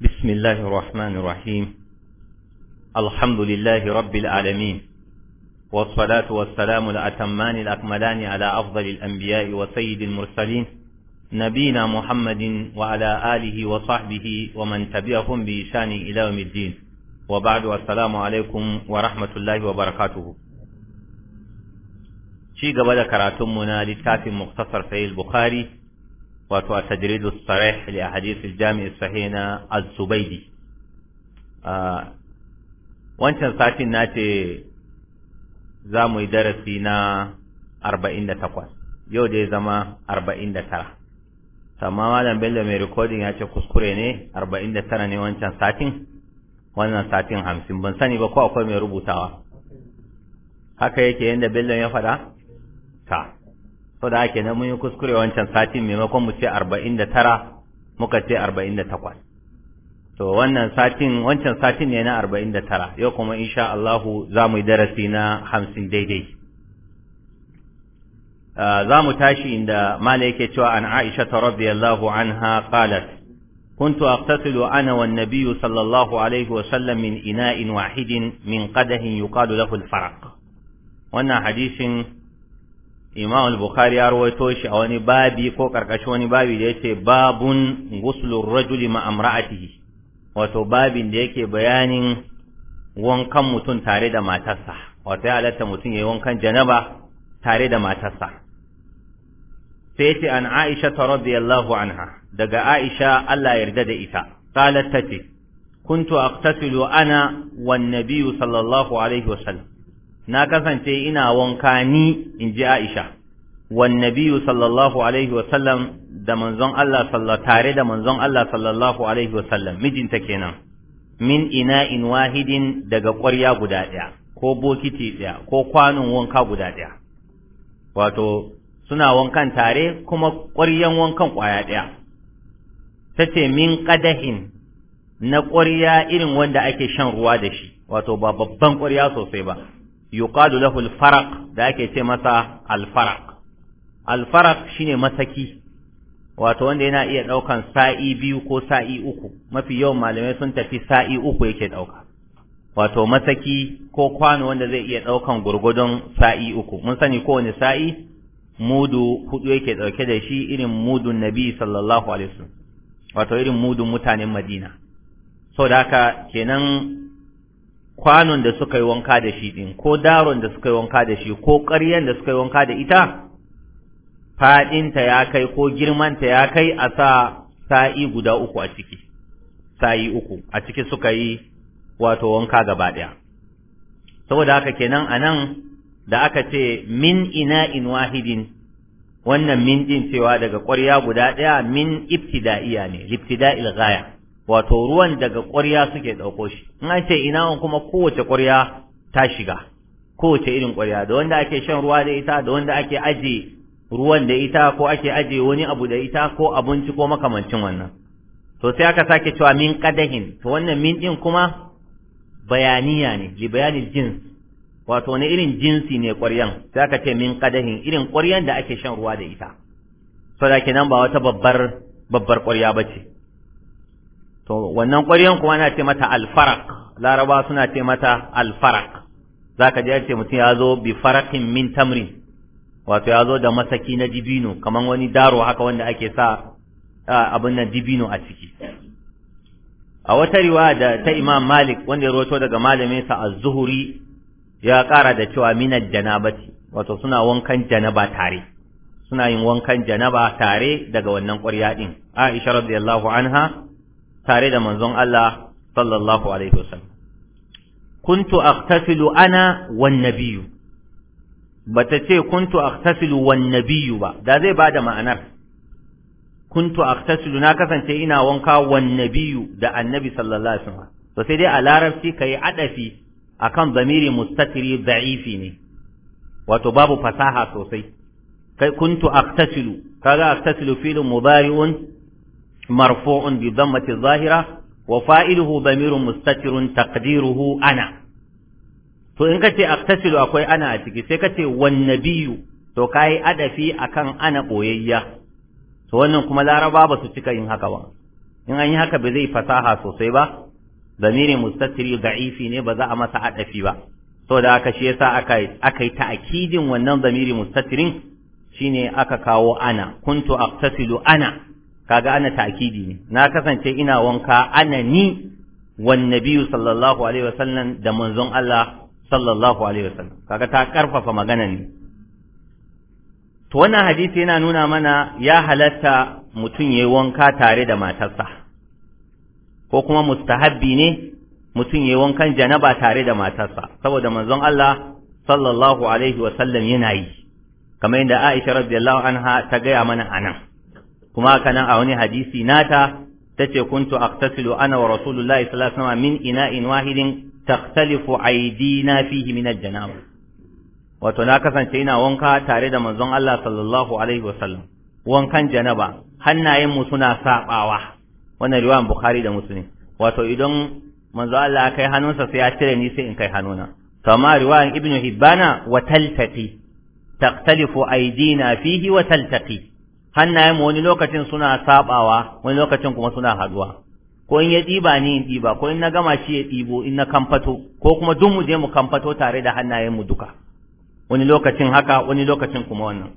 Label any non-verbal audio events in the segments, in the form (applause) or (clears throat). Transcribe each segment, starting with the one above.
بسم الله الرحمن الرحيم الحمد لله رب العالمين والصلاة والسلام الأتمان الأكملان على أفضل الأنبياء وسيد المرسلين نبينا محمد وعلى آله وصحبه ومن تبعهم بإشان إلى يوم الدين وبعد السلام عليكم ورحمة الله وبركاته شيء قبل كراتمنا للتافي مختصر في البخاري wato a tajridu sarih li ahadith al-jami' sahih na az-zubaydi wancan satin na ce za mu yi darasi na 48 yau zama arba'in zama 49 amma malam bello mai rikodin ya ce kuskure ne 49 ne wancan satin wannan satin hamsin ban sani ba ko akwai mai rubutawa haka yake yadda bello ya faɗa ta so da haka nan mun yi kuskure wancan satin maimakon mu ce arba'in da tara muka ce arba'in da takwas to wannan satin wancan satin ne na arba'in da tara yau kuma insha Allahu za mu yi darasi na hamsin daidai ah, za mu tashi inda mala yake cewa an aisha ta radiyallahu anha qalat كنت أغتسل أنا والنبي صلى الله عليه وسلم من إناء واحد من قده يقال له الفرق وأن حديث imam al-bukhari ya rawaito shi a wani babi ko karkashin wani babi da yace babun ghuslur rajuli ma amra'atihi wato babin da yake bayanin wankan mutum tare da matarsa wato ya halatta mutum yayi wankan janaba tare da matarsa sai yace an Aisha radiyallahu anha daga Aisha Allah ya yarda da ita qalat tace kuntu aqtasilu ana wan nabiyyu sallallahu alaihi wasallam na kasance ina wanka ni in ji Aisha wan nabiyyu sallallahu alaihi wa sallam da manzon Allah sallallahu tare da manzon Allah sallallahu alaihi wa sallam mijinta kenan min in wahidin daga ƙwarya guda ɗaya ko bokiti ɗaya ko kwanon wanka guda ɗaya wato suna wankan tare kuma ƙwaryan wankan ƙwaya ɗaya tace min qadahin na ƙwarya irin wanda ake shan ruwa da shi wato ba babban ƙwarya sosai ba yuqalu lahu al-faraq da ake ce masa al farq al farq shine masaki wato wanda yana iya daukan sa'i biyu ko sa'i uku mafi yawan malamai sun tafi sa'i uku yake dauka wato masaki ko kwano wanda zai iya daukan gurgudun sa'i uku mun sani kowane sa'i mudu hudu yake dauke da shi irin mudu nabi sallallahu alaihi wasallam wato irin mudun mutanen madina saboda haka kenan kwanon da suka yi wanka da shi din ko daron da suka yi wanka da shi ko ƙaryen da suka yi wanka da ita faɗinta ya kai ko girmanta ya kai a sa sa'i guda uku a ciki sa'i uku a ciki suka yi wato wanka gaba ɗaya saboda haka kenan a nan da aka ce min ina in wahidin wannan min din cewa daga ƙwarya guda ɗaya min ibtida'iya ne ibtida'il ghaya wato ruwan daga ƙwarya suke ɗauko shi in an ce ina kuma kowace ƙwarya ta shiga kowace irin ƙwarya da wanda ake shan ruwa da ita da wanda ake aje ruwan da ita ko ake aje wani abu da ita ko abinci ko makamancin wannan to sai aka sake cewa min kadahin to wannan min din kuma bayaniya ne li bayani jins wato wani irin jinsi ne ƙwaryan sai aka ce min kadahin irin ƙwaryan da ake shan ruwa da ita so da kenan ba wata babbar babbar ƙwarya bace to wannan ƙwaryan kuma ana ce mata alfarak laraba suna ce mata alfarak zaka ji ce mutum ya zo bi farakin min tamrin wato ya zo da masaki na dibino kamar wani daro haka wanda ake sa abin nan dibino a ciki a wata riwaya da ta Imam Malik wanda ya roto daga malamin sa az zuhuri ya ƙara da cewa minal janabati wato suna wankan janaba tare suna yin wankan janaba tare daga wannan ƙwarya din Aisha radiyallahu anha tare da manzon Allah sallallahu alaihi wasallam kuntu aghtasilu ana wan nabiyyu bata ce kuntu aghtasilu wan nabiyyu ba da zai bada ma'anar kuntu aghtasilu na kasance ina wanka wan nabiyyu da annabi sallallahu alaihi wasallam to sai dai a larabci kai adafi akan zamiri mustatiri da'ifi ne wato babu fasaha sosai kai kuntu aqtasilu kaga aqtasilu fi'lun mudari'un marfu'un bi dhammati zahira wa fa'iluhu damirun mustatirun ana to in kace aqtasilu akwai ana a ciki sai kace wan nabiyyu to kai adafi akan ana boyayya to wannan kuma laraba ba su cika yin haka ba in an yi haka ba zai fasaha sosai ba zamiri mustatiri da'ifi ne ba za a masa adafi ba saboda haka shi yasa aka aka yi ta'kidin wannan zamiri mustatirin shine aka kawo ana kuntu aqtasilu ana kaga ana ta'kidi ne na kasance ina wanka ana ni wan nabiyyu sallallahu alaihi wasallam da manzon Allah sallallahu alaihi wasallam kaga ta karfafa magana ne to wannan hadisi yana nuna mana ya halatta mutum yayi wanka tare da matarsa ko kuma mustahabbi ne mutum yayi wankan janaba tare da matarsa saboda manzon Allah sallallahu alaihi wasallam yana yi kamar yadda Aisha radiyallahu anha ta gaya mana anan kuma haka nan a wani hadisi nata tace kuntu aqtasilu ana wa rasulullahi sallallahu alaihi wasallam min ina'in wahidin takhtalifu aydina fihi min al-janaba wato na kasance ina wanka tare da manzon Allah sallallahu alaihi wasallam wankan janaba hannayen mu suna sabawa wannan riwayan bukhari da muslim wato idan manzo Allah ya kai hannunsa sai ya cire ni sai in kai hannuna to amma riwayan ibnu hibbana wa taltaqi taktalifu aydina fihi wa taltaqi hannayen wani lokacin suna sabawa wani lokacin kuma suna haduwa ko in ya ɗiba ni in ɗiba ko in na gama shi ya ɗibo in na kamfato ko kuma duk mu je mu kamfato tare da hannayen mu duka wani lokacin haka wani lokacin kuma wannan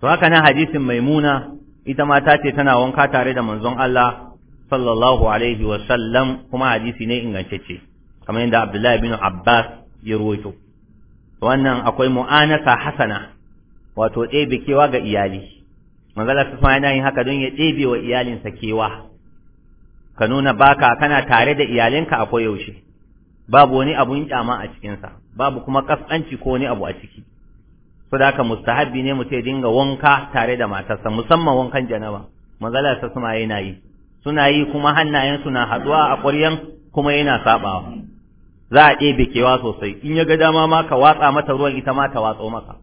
to haka nan hadisin maimuna ita ma ta ce tana wanka tare da manzon Allah sallallahu alaihi wa sallam kuma hadisi ne ingantacce kamar yadda Abdullahi bin Abbas ya ruwaito wannan akwai mu'anasa hasana wato ɗebe kewa ga iyali manzala su ma yana yin haka don ya ɗebe wa iyalinsa kewa ka nuna baka kana tare da iyalinka a koyaushe babu wani abun kyama a cikinsa babu kuma kasanci ko wani abu a ciki da haka mustahabbi ne mutum ya dinga wanka tare da matarsa musamman wankan janaba manzala su ma yana yi suna yi kuma hannayensu na haɗuwa a ƙwaryan kuma yana saɓawa za a ɗebe kewa sosai in ya ga dama ma ka watsa mata ruwan ita ma ta watso maka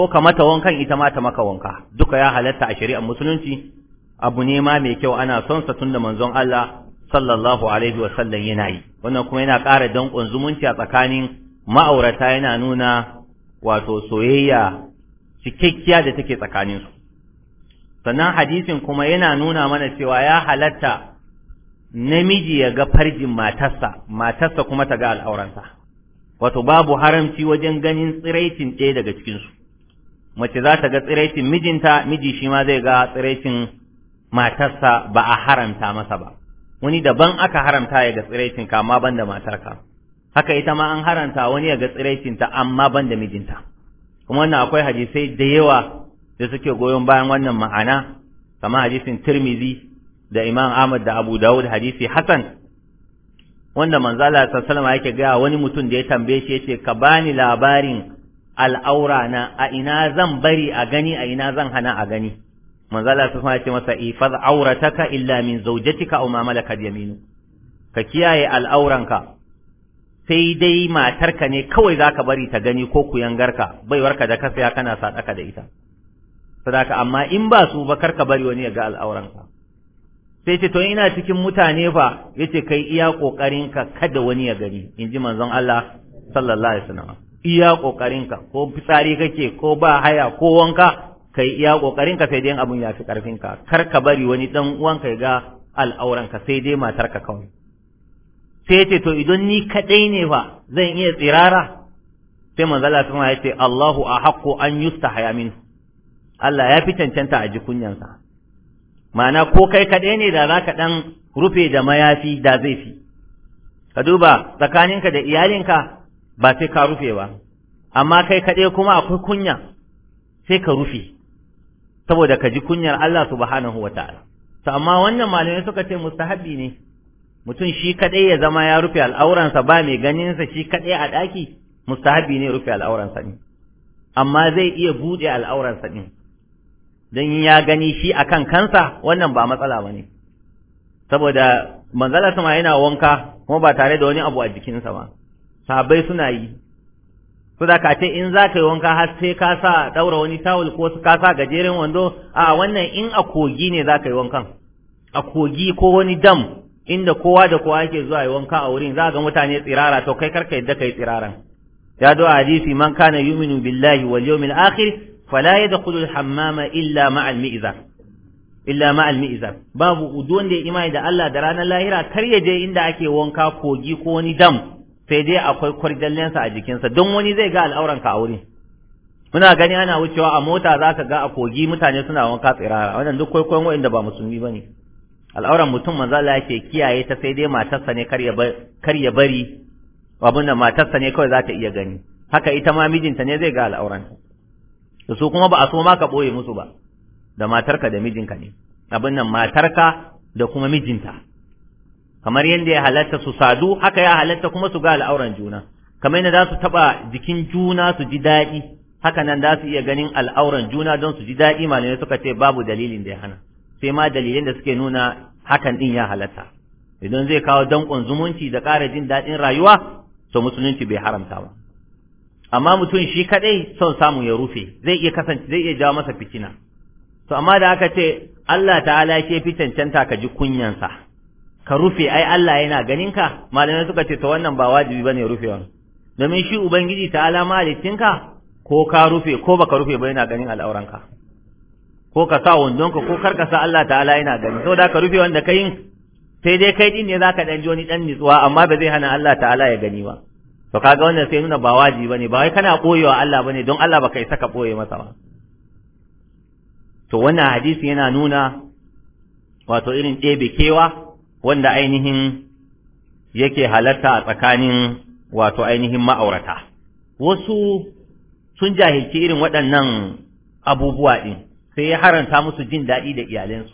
ko ka mata wankan ita ma ta maka wanka duka ya halatta a shari'ar musulunci abu ne ma mai kyau ana son sa tunda manzon Allah sallallahu alaihi wasallam yana yi wannan kuma yana ƙara danƙon zumunci a tsakanin ma'aurata yana nuna wato soyayya cikakkiya da take tsakanin su sannan hadisin kuma yana nuna mana cewa ya halatta namiji ya ga farjin matarsa matarsa kuma ta ga al'auransa wato babu haramci wajen ganin tsiraicin ɗaya daga cikinsu mace za ta ga tsiraicin mijinta miji shi ma zai ga tsiraicin matarsa ba a haramta masa ba wani daban aka haramta ya ga tsiraicin ka amma banda matarka haka ita ma an haramta wani ya ga tsiraicin ta amma banda mijinta kuma wannan akwai hadisai da yawa da suke goyon bayan wannan ma'ana kama hadisin Tirmizi da Imam Ahmad da Abu Dawud hadisi Hasan wanda manzo Allah sallallahu alaihi wasallam yake ga wani mutum da ya tambaye shi yace ka bani labarin al'aura na a ina zan bari a gani a ina zan hana a gani manzala su ce masa ifaz aurataka illa min zaujatika aw ma ka yaminu ka kiyaye al'auranka sai dai matarka ne kawai za ka bari ta gani ko kuyangarka baiwarka da ka saya kana sadaka da ita sadaka amma in ba su ba kar ka bari wani ya ga al'auranka sai ce to ina cikin mutane fa yace kai iya kokarin ka kada wani ya gani inji manzon Allah sallallahu alaihi wasallam iya ƙoƙarinka ko fitsari kake ko ba haya ko wanka yi iya ƙoƙarinka sai dai abin ya fi ƙarfinka kar ka bari wani ɗan uwanka ya ga al'auranka sai dai matarka kawai sai ce to idan ni kaɗai ne fa zan iya tsirara sai manzala sama ya ce Allahu a haƙƙo an haya min Allah ya fi cancanta a ji ma'ana ko kai kaɗai ne da za ka ɗan rufe da mayafi da zai fi ka duba tsakaninka da iyalinka ba sai ka rufe ba amma kai kaɗai kuma akwai kunya sai ka rufe saboda ka ji kunyar Allah subhanahu wataala to amma wannan malamai suka ce mustahabi ne mutum shi kaɗai ya zama ya rufe al'auransa ba mai ganinsa shi kaɗai a ɗaki mustahabi ne rufe al'auransa ne amma zai iya buɗe al'auransa ɗin don ya gani shi a kan kansa wannan ba matsala ba ne saboda manzala sama yana wanka kuma ba tare da wani abu a jikinsa ba Sabai suna yi su da ka in za ka yi wanka har sai ka sa ɗaura wani tawul ko ka sa gajeren wando a wannan in a kogi ne za ka yi wankan a kogi ko wani dam inda kowa da kowa yake zuwa yi wanka a wurin za ga mutane tsirara to kai karka yadda kai tsiraran ya do hadisi man kana yuminu billahi wal yawmil akhir fala yadkhulu al hammama illa al mi'za illa al mi'za babu udon da imani da Allah da ranar lahira kar ya je inda ake wanka kogi ko wani dam sai dai akwai kwargallensa a jikinsa don wani zai ga al'auranka a wuri muna gani ana wucewa a mota za ka ga a kogi mutane suna wanka tsirara wannan duk kwaikwayon wa'inda ba musulmi ba ne al'auran mutum manzo Allah yake kiyaye ta sai dai matarsa ne kar ya bari abin da matarsa ne kawai za ta iya gani haka ita ma mijinta ne zai ga al'auran Da su kuma ba a so ma ka ɓoye musu ba da matarka da mijinka ne abin nan matarka da kuma mijinta kamar yadda ya halatta su sadu haka ya halatta kuma su ga al'auran juna kamar yadda za su taɓa jikin juna su ji daɗi haka nan za su iya ganin al'auran juna don su ji daɗi malamai suka ce babu dalilin da ya hana sai ma dalilin da suke nuna hakan ɗin ya halatta idan zai kawo danƙon zumunci da ƙara jin daɗin rayuwa to musulunci bai haramta ba amma mutum shi kaɗai son samu ya rufe zai iya kasance zai iya jawo masa fitina to amma da aka ce Allah ta'ala ke fi cancanta ka ji kunyansa ka rufe ai Allah yana ganin ka malamai suka ce to wannan ba wajibi bane rufewa domin shi ubangiji ta alama halittinka ko ka rufe ko baka rufe ba yana ganin al'auranka ko ka sa wandonka ko kar ka sa Allah ta'ala yana gani saboda ka rufe wanda kai sai dai kai din ne zaka dan joni wani dan nitsuwa amma ba zai hana Allah ta'ala ya gani ba to kaga wannan sai nuna ba wajibi bane ba wai kana koyewa Allah bane don Allah baka isa ka koye masa ba to wannan hadisi yana nuna wato irin ɗebe kewa wanda ainihin yake halatta a tsakanin wato ainihin ma'aurata wasu sun jahilci irin waɗannan abubuwa ɗin sai ya haranta musu jin daɗi da iyalensu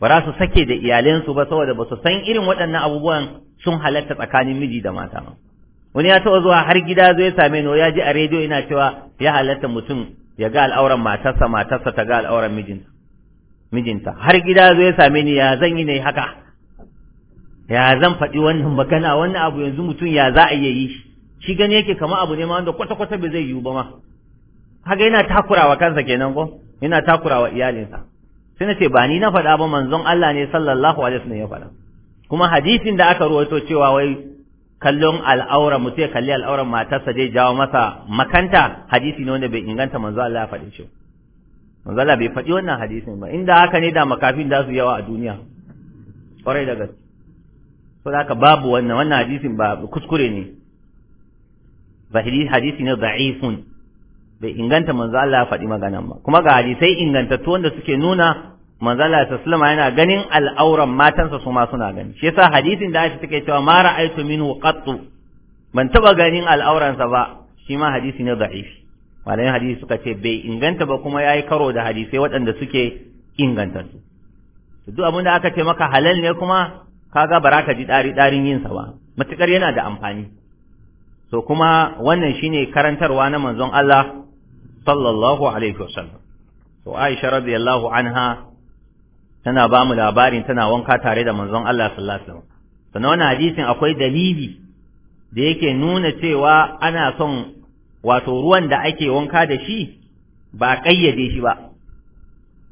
ba za su sake da iyalensu ba saboda ba su san irin waɗannan abubuwan sun halatta tsakanin miji da mata ba wani ya taɓa zuwa har gida zai same ni ya ji a rediyo ina cewa ya halatta mutum ya ga al'auran matarsa matarsa ta ga al'auran mijinta mijinta har gida zai same ni ya zan yi ne haka ya zan faɗi wannan magana wannan abu yanzu mutum ya za a yi shi shi gani yake kama abu ne ma wanda kwata-kwata bai zai yiwu ba ma haka yana takurawa kansa kenan ko yana takurawa iyalinsa sai na ce ba ni na faɗa ba manzon Allah ne sallallahu alaihi wasallam ya faɗa kuma hadisin da aka ruwaito cewa wai kallon al'aura mutum ya kalli al'auran matarsa zai jawo masa makanta hadisi ne wanda bai inganta manzon Allah ya faɗi shi manzon Allah bai faɗi wannan hadisin ba inda haka ne da makafin da su yawa a duniya kwarai da gaske saboda babu wannan wannan hadisin ba kuskure ne ba hadisi ne da'ifun bai inganta manzo Allah ya faɗi maganan ba kuma ga hadisai ingantattu wanda suke nuna manzo Allah sallama yana ganin al'auran matansa su ma suna gani shi yasa hadisin da Aisha take cewa ma ra'aytu minhu qattu ban taba ganin al'auransa ba shi ma hadisi ne da'ifi malamin hadisi suka ce bai inganta ba kuma yayi karo da hadisai waɗanda suke ingantattu. duk abin da aka ce maka halal ne kuma kaga baraka ka ji ɗari ɗarin yinsa ba matukar yana da amfani to kuma wannan shine karantarwa na manzon Allah sallallahu alaihi wasallam to Aisha radiyallahu anha tana ba mu labarin tana wanka tare da manzon Allah sallallahu alaihi wasallam sannan wannan hadisin akwai dalili da yake nuna cewa ana son wato ruwan da ake wanka da shi ba ƙayyade shi ba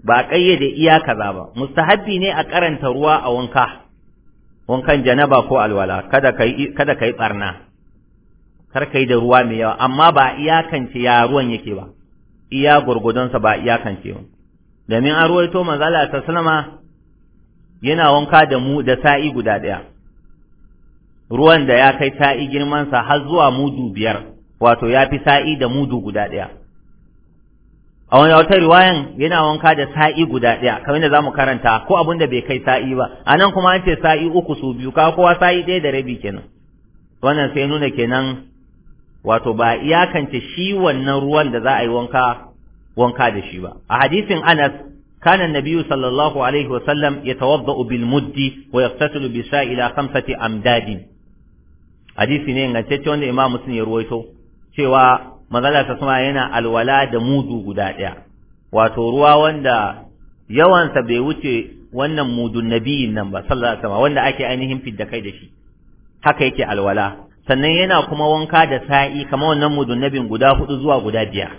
ba ƙayyade iyaka ba mustahabbi ne a karanta ruwa a wanka kan janaba ko alwala kada kai kada kai barna kar kai da ruwa mai yawa amma ba iyakance ya ruwan yake ba iya sa ba iyakance ba domin an ruwaito manzala ta sallama yana wanka da mu da sa'i guda ɗaya ruwan da ya kai sa'i girman sa har zuwa mudu biyar wato ya fi sa'i da mudu guda ɗaya a wani wata riwayan yana wanka da sa'i guda ɗaya kamar za zamu karanta ko abin da bai kai sa'i ba a nan kuma an ce sa'i uku su biyu ka kowa sa'i ɗaya da rabi kenan wannan sai nuna kenan wato ba iyakance shi wannan ruwan da za a yi wanka wanka da shi ba a hadisin Anas kana nabiyyu sallallahu alaihi wasallam tawadda bil muddi wa yaqtasilu bi sa'ila khamsati amdadin hadisi ne ingantacce wanda imam muslim ya ruwaito cewa magana ta kuma yana alwala da mudu guda ɗaya wato ruwa wanda yawansa bai wuce wannan mudun nabiyin nan ba sallallahu alaihi wasallam wanda ake ainihin fidda kai da shi haka yake alwala sannan yana kuma wanka da sa'i kamar wannan mudun nabin guda hudu zuwa guda biyar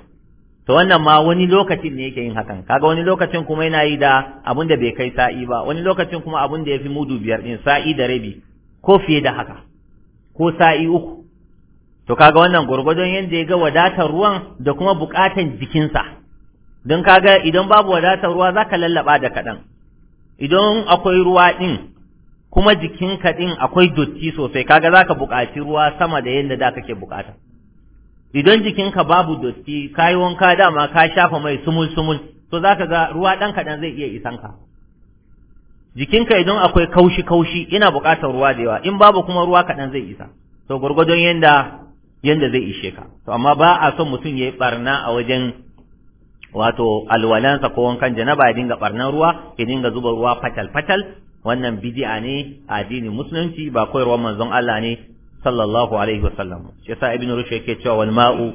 to wannan ma wani lokacin ne yake yin hakan kaga wani lokacin kuma yana yi da abin da bai kai sa'i ba wani lokacin kuma abin da ya fi mudu biyar din sa'i da rabi ko fiye da haka ko sa'i uku to kaga wannan gurgudun yanda ya ga wadatar ruwan da kuma bukatan jikinsa don kaga idan babu wadatar ruwa za ka lallaba da kaɗan idan akwai ruwa ɗin kuma jikinka ɗin akwai dotti sosai kaga ka buƙaci ruwa sama da yadda da kake buƙata idan jikinka babu dotti kayi wanka dama ka shafa mai sumul sumul to za ka ga ruwa ɗan kaɗan zai iya isanka jikinka idan akwai kaushi kaushi ina buƙatar ruwa da yawa in babu kuma ruwa kaɗan zai isa to gwargwadon yadda yanda zai ishe ka to amma ba a son mutum ya yi barna a wajen wato alwalansa ko wankan janaba ya dinga barnan ruwa ya dinga zuba ruwa fatal fatal wannan bid'a ne a addinin musulunci ba koyarwar manzon Allah ne sallallahu alaihi wasallam shi yasa ibnu rushd yake cewa wal ma'u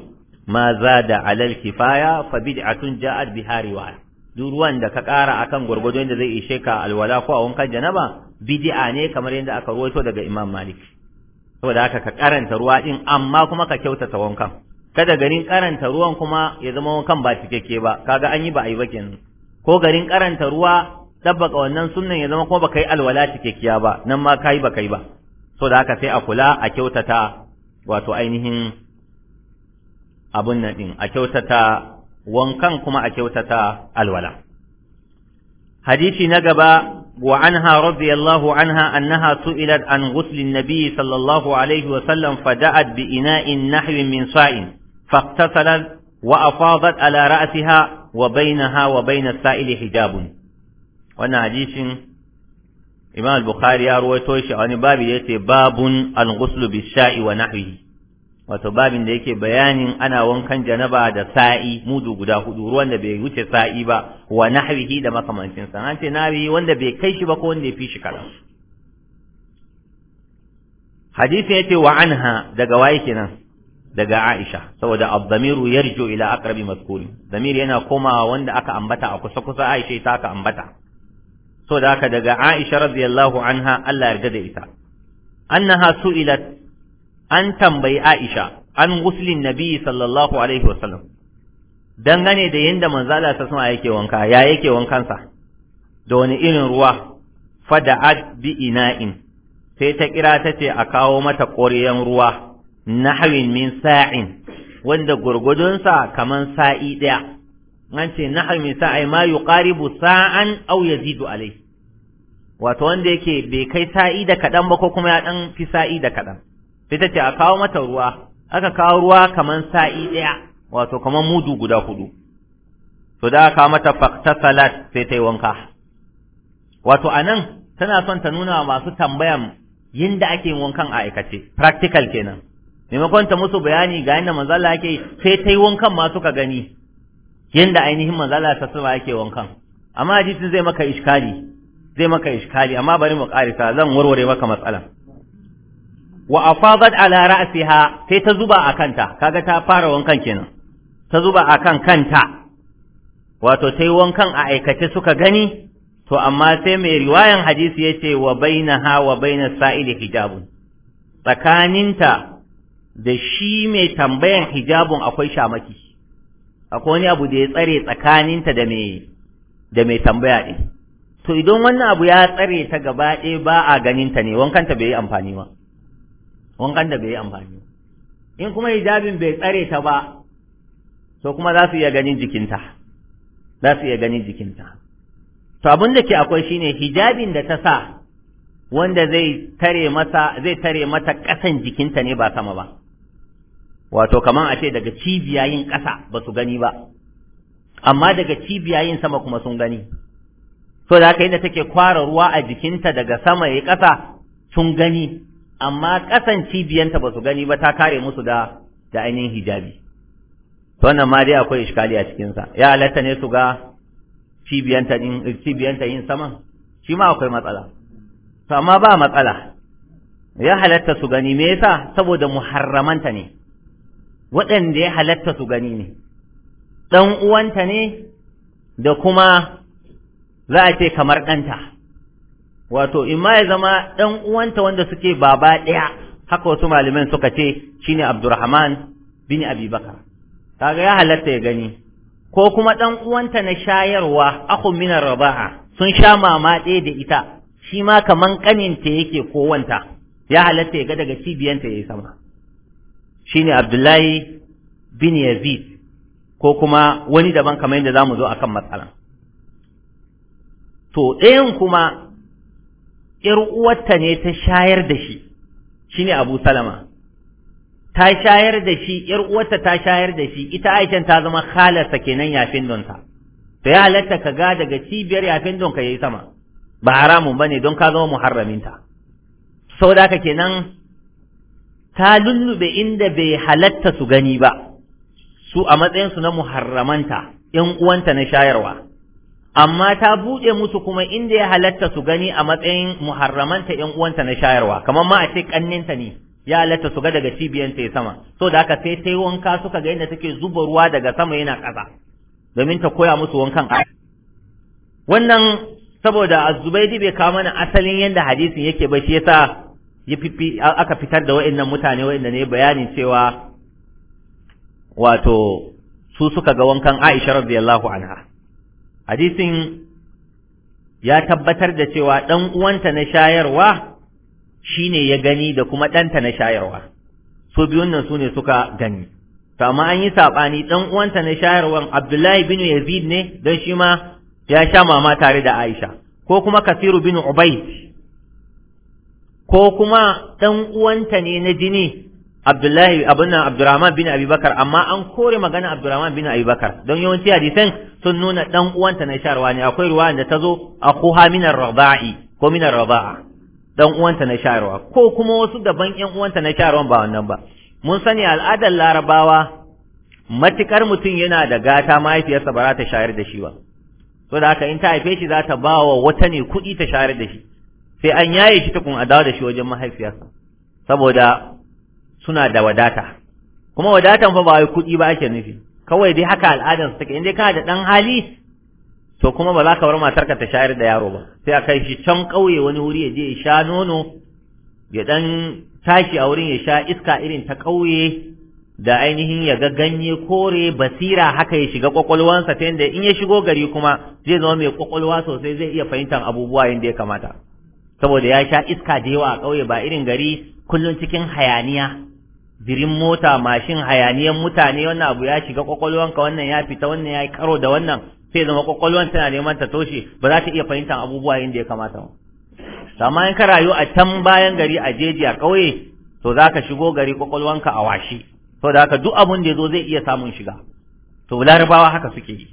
ma zada alal kifaya fa bid'atun ja'at biha riwaya duk ruwan da ka kara akan gwargwado da zai ishe ka alwala ko a wankan janaba bid'a ne kamar yadda aka ruwaito daga Imam Malik saboda haka ka karanta ruwa ɗin, amma kuma ka kyautata wankan kada garin karanta ruwan kuma ya zama wankan ba cikakke ba kaga an yi ba a yi ba kenan ko garin karanta ruwa tabbaka wannan sunnan ya zama kuma baka yi alwala cikakkiya ba nan ma kai baka yi ba saboda haka sai a kula a kyautata wato ainihin abun nan din a kyautata wankan kuma a kyautata alwala hadisi na gaba وعنها رضي الله عنها أنها سئلت عن غسل النبي صلى الله عليه وسلم فدأت بإناء نحو من صاع فاقتصلت وأفاضت على رأسها وبينها وبين السائل حجاب وانا حديث إمام البخاري يروي توشي عن باب يتي باب الغسل بالشاء ونحوه wato babin da yake bayanin ana wankan janaba da sa'i mudu guda hudu ruwan da bai wuce sa'i ba wa nahrihi da makamancin sa an ce nahrihi wanda bai kai shi ba ko wanda ya fi shi kala. hadisi yace wa anha daga waye kenan daga Aisha saboda abdamiru yarju ila aqrabi mazkuri damir yana komawa wanda aka ambata a kusa kusa Aisha ta aka ambata saboda haka daga Aisha radiyallahu anha Allah ya yarda da ita annaha su'ilat an tambayi Aisha an guslin nabi sallallahu alaihi wasallam dangane da yanda manzo Allah ta sama yake wanka ya yake wankansa da wani irin ruwa fada'at bi ina'in sai ta kira ta ce a kawo mata ƙoriyan ruwa nahwin min sa'in wanda gurgudunsa kaman sa'i ɗaya an ce nahwin min sa'i ma yuqaribu sa'an aw yazidu alai wato wanda yake bai kai sa'i da kaɗan ba ko kuma ya ɗan fi sa'i da kaɗan sai ce a kawo mata ruwa aka kawo ruwa kaman sa'i ɗaya wato kaman mudu guda hudu to da aka mata faktasalat sai ta yi wanka wato anan tana son ta nuna masu tambayan yinda ake yin wankan a aikace practical kenan maimakon ta musu bayani ga yadda manzala yake sai ta yi wankan ma suka gani yadda ainihin manzala ta suma yake wankan amma hadisin zai maka iskali zai maka iskali amma bari mu karisa zan warware maka matsalan wa afadat ala ra'siha sai ta zuba a kanta kaga ta fara wankan kenan ta zuba a kan kanta wato sai wankan a aikace suka gani to amma sai mai riwayan hadisi yace wa bainaha wa bainas sa'ili hijabun tsakaninta da shi mai tambayan hijabun akwai shamaki akwai wani abu da ya tsare tsakaninta da mai da mai tambaya ɗin to idan wannan abu ya tsare ta gaba ɗaya ba a ta ne wankanta bai yi amfani ba wankan da bai yi amfani in kuma hijabin bai tsare ta ba to kuma za su iya ganin jikinta za su iya ganin jikinta to abin da ke akwai shine hijabin da ta sa wanda zai tare mata zai tare mata ƙasan jikinta ne ba sama ba wato kaman a ce daga cibiyayin ƙasa ba su gani ba amma daga cibiyayin sama kuma sun gani so da haka yadda take kwara ruwa a jikinta daga sama ya ƙasa sun gani amma ƙasan cibiyanta ba su gani ba ta kare musu da da ainihin hijabi to wannan ma dai akwai iskali a cikinsa. ya halatta ne su ga cibiyanta din cibiyanta yin sama shi ma akwai matsala to amma ba matsala ya halatta su gani me yasa saboda muharramanta ne waɗanda ya halatta su gani ne ɗan uwanta ne da kuma za a ce kamar ɗanta wato in ma ya zama ɗan uwanta wanda suke baba ɗaya haka wasu malaman suka ce shine Abdurrahman bin Abi Bakar kaga ya halatta ya gani ko kuma ɗan uwanta na shayarwa akhu min raba'a sun sha mama ɗaya da ita shi ma kaman kaninta yake ko wanta ya halatta ya ga daga cibiyanta yayi sama shine Abdullahi bin Yazid ko kuma wani daban kamar yadda zamu zo akan matsalan to ɗayan kuma ‘yar uwarta ne ta shayar da shi, shi ne Abu Salama, ta shayar da shi, ‘yar uwarta ta shayar da shi, ita Aishan ta zama halarsa kenan yafin donta, to ya halatta ka ga daga cibiyar yafin don ka yi sama, ba haramun ba ne don ka zama muharraminta. Sau da ka kenan ta lullube inda bai halatta su gani ba, su a matsayinsu na muharramanta, ‘yan uwanta na shayarwa. amma ta buɗe musu kuma inda ya halatta su gani a matsayin muharramanta ‘yan uwanta na shayarwa, kamar ma a ce ƙanninta ne ya halatta su ga daga cibiyanta ya sama, so da aka sai ta yi wanka suka ga inda take zuba ruwa daga sama yana ƙasa, domin ta koya musu wankan a. Wannan saboda azubaidi bai kawo mana asalin yadda hadisin yake ba shi yasa ya fifi aka fitar da wa'annan mutane wa'anda ne bayanin cewa wato su suka ga wankan Aisha radiyallahu anha hadisin ya tabbatar da cewa ɗan uwanta na shayarwa shine ya gani da kuma ɗanta na shayarwa so biyun nan su ne suka gani to amma an yi saɓani ɗan uwanta na shayarwan abdullahi bin yazid ne don shi ma ya sha mama tare da aisha ko kuma kasiru bin ubaid ko kuma ɗan uwanta ne na jini abdullahi abin nan abdurrahman bin abubakar amma an kore magana abdurrahman bin abubakar don yawanci hadisan sun nuna dan uwanta na sharwa ne akwai ruwa da tazo a kuha minar rabai ko minar rabaa dan uwanta na sharwa ko kuma wasu daban yan uwanta na sharwa ba wannan ba mun sani al'adar larabawa matukar mutum yana da gata mahaifiyarsa ba za ta shayar da shi ba so da haka in ta haife shi za ta ba wa wata ne kuɗi ta shayar da shi sai an yaye shi tukun a da shi wajen mahaifiyarsa saboda suna da wadata kuma wadatan fa ba wai kuɗi ba ake nufi kawai dai haka al'adar su take in dai kana da dan hali to kuma ba za ka bar matarka ta shayar da yaro ba sai a kai shi can kauye wani wuri ya je ya sha nono ya dan tashi a wurin ya sha iska irin ta kauye, da ainihin ya ga ganye kore basira haka ya shiga kwakwalwansa ta yadda in ya shigo gari kuma zai zama mai kwakwalwa sosai zai iya fahimtar abubuwa da ya kamata saboda ya sha iska da yawa a kauye, ba irin gari kullum cikin hayaniya birin mota mashin hayaniyan mutane wannan abu ya shiga kwakwalwanka wannan ya fita wannan ya yi karo da wannan sai zama kwakwalwan tana neman ta toshe ba za ta iya fahimtar abubuwa yadda ya kamata ba amma in ka rayu a can bayan gari a jeji a ƙauye to za ka shigo gari kwakwalwanka a washi to da haka duk abin da ya zo zai iya samun shiga to larabawa haka suke yi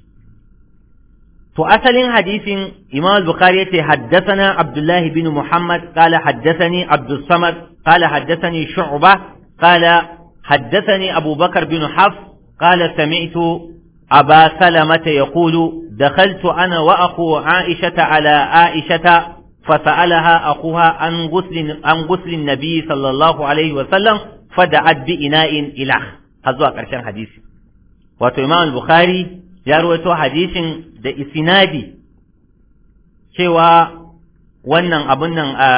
to asalin hadisin imam bukhari yace haddathana abdullahi bin muhammad qala haddathani abdus samad qala haddathani shu'ba قال حدثني أبو بكر بن حفص قال سمعت أبا سلمة يقول دخلت أنا وأخو عائشة على عائشة فسألها أخوها عن غسل, عن غسل النبي صلى الله عليه وسلم فدعت بإناء إله هذا كرشان حديث وتو إمام البخاري يروي حديث ده إسنادي cewa wannan abun nan a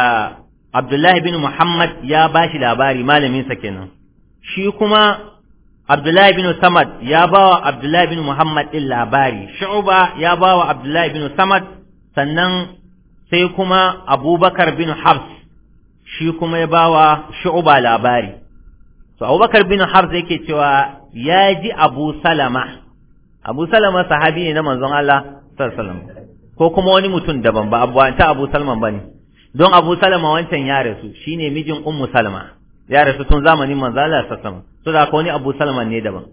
Abdullahi bin Muhammad ya ba shi labari malaminsa kenan shi kuma Abdullahi bin Samad ya ba wa Abdullahi bin Muhammad ɗin labari Shu'ba ya ba wa Abdullahi bin Samad sannan sai kuma Abubakar bin Habs shi kuma ya ba wa Shu'ba labari So Abubakar bin Habs yake cewa ya ji Abu Salama Abu Salama sahabi ne na manzon Allah sallallahu ko kuma wani mutum daban ba ta Abu Salman ne. don abu salama wancan ya rasu ne mijin ummu salama ya rasu tun zamanin manzala sa sama so da wani abu salama ne daban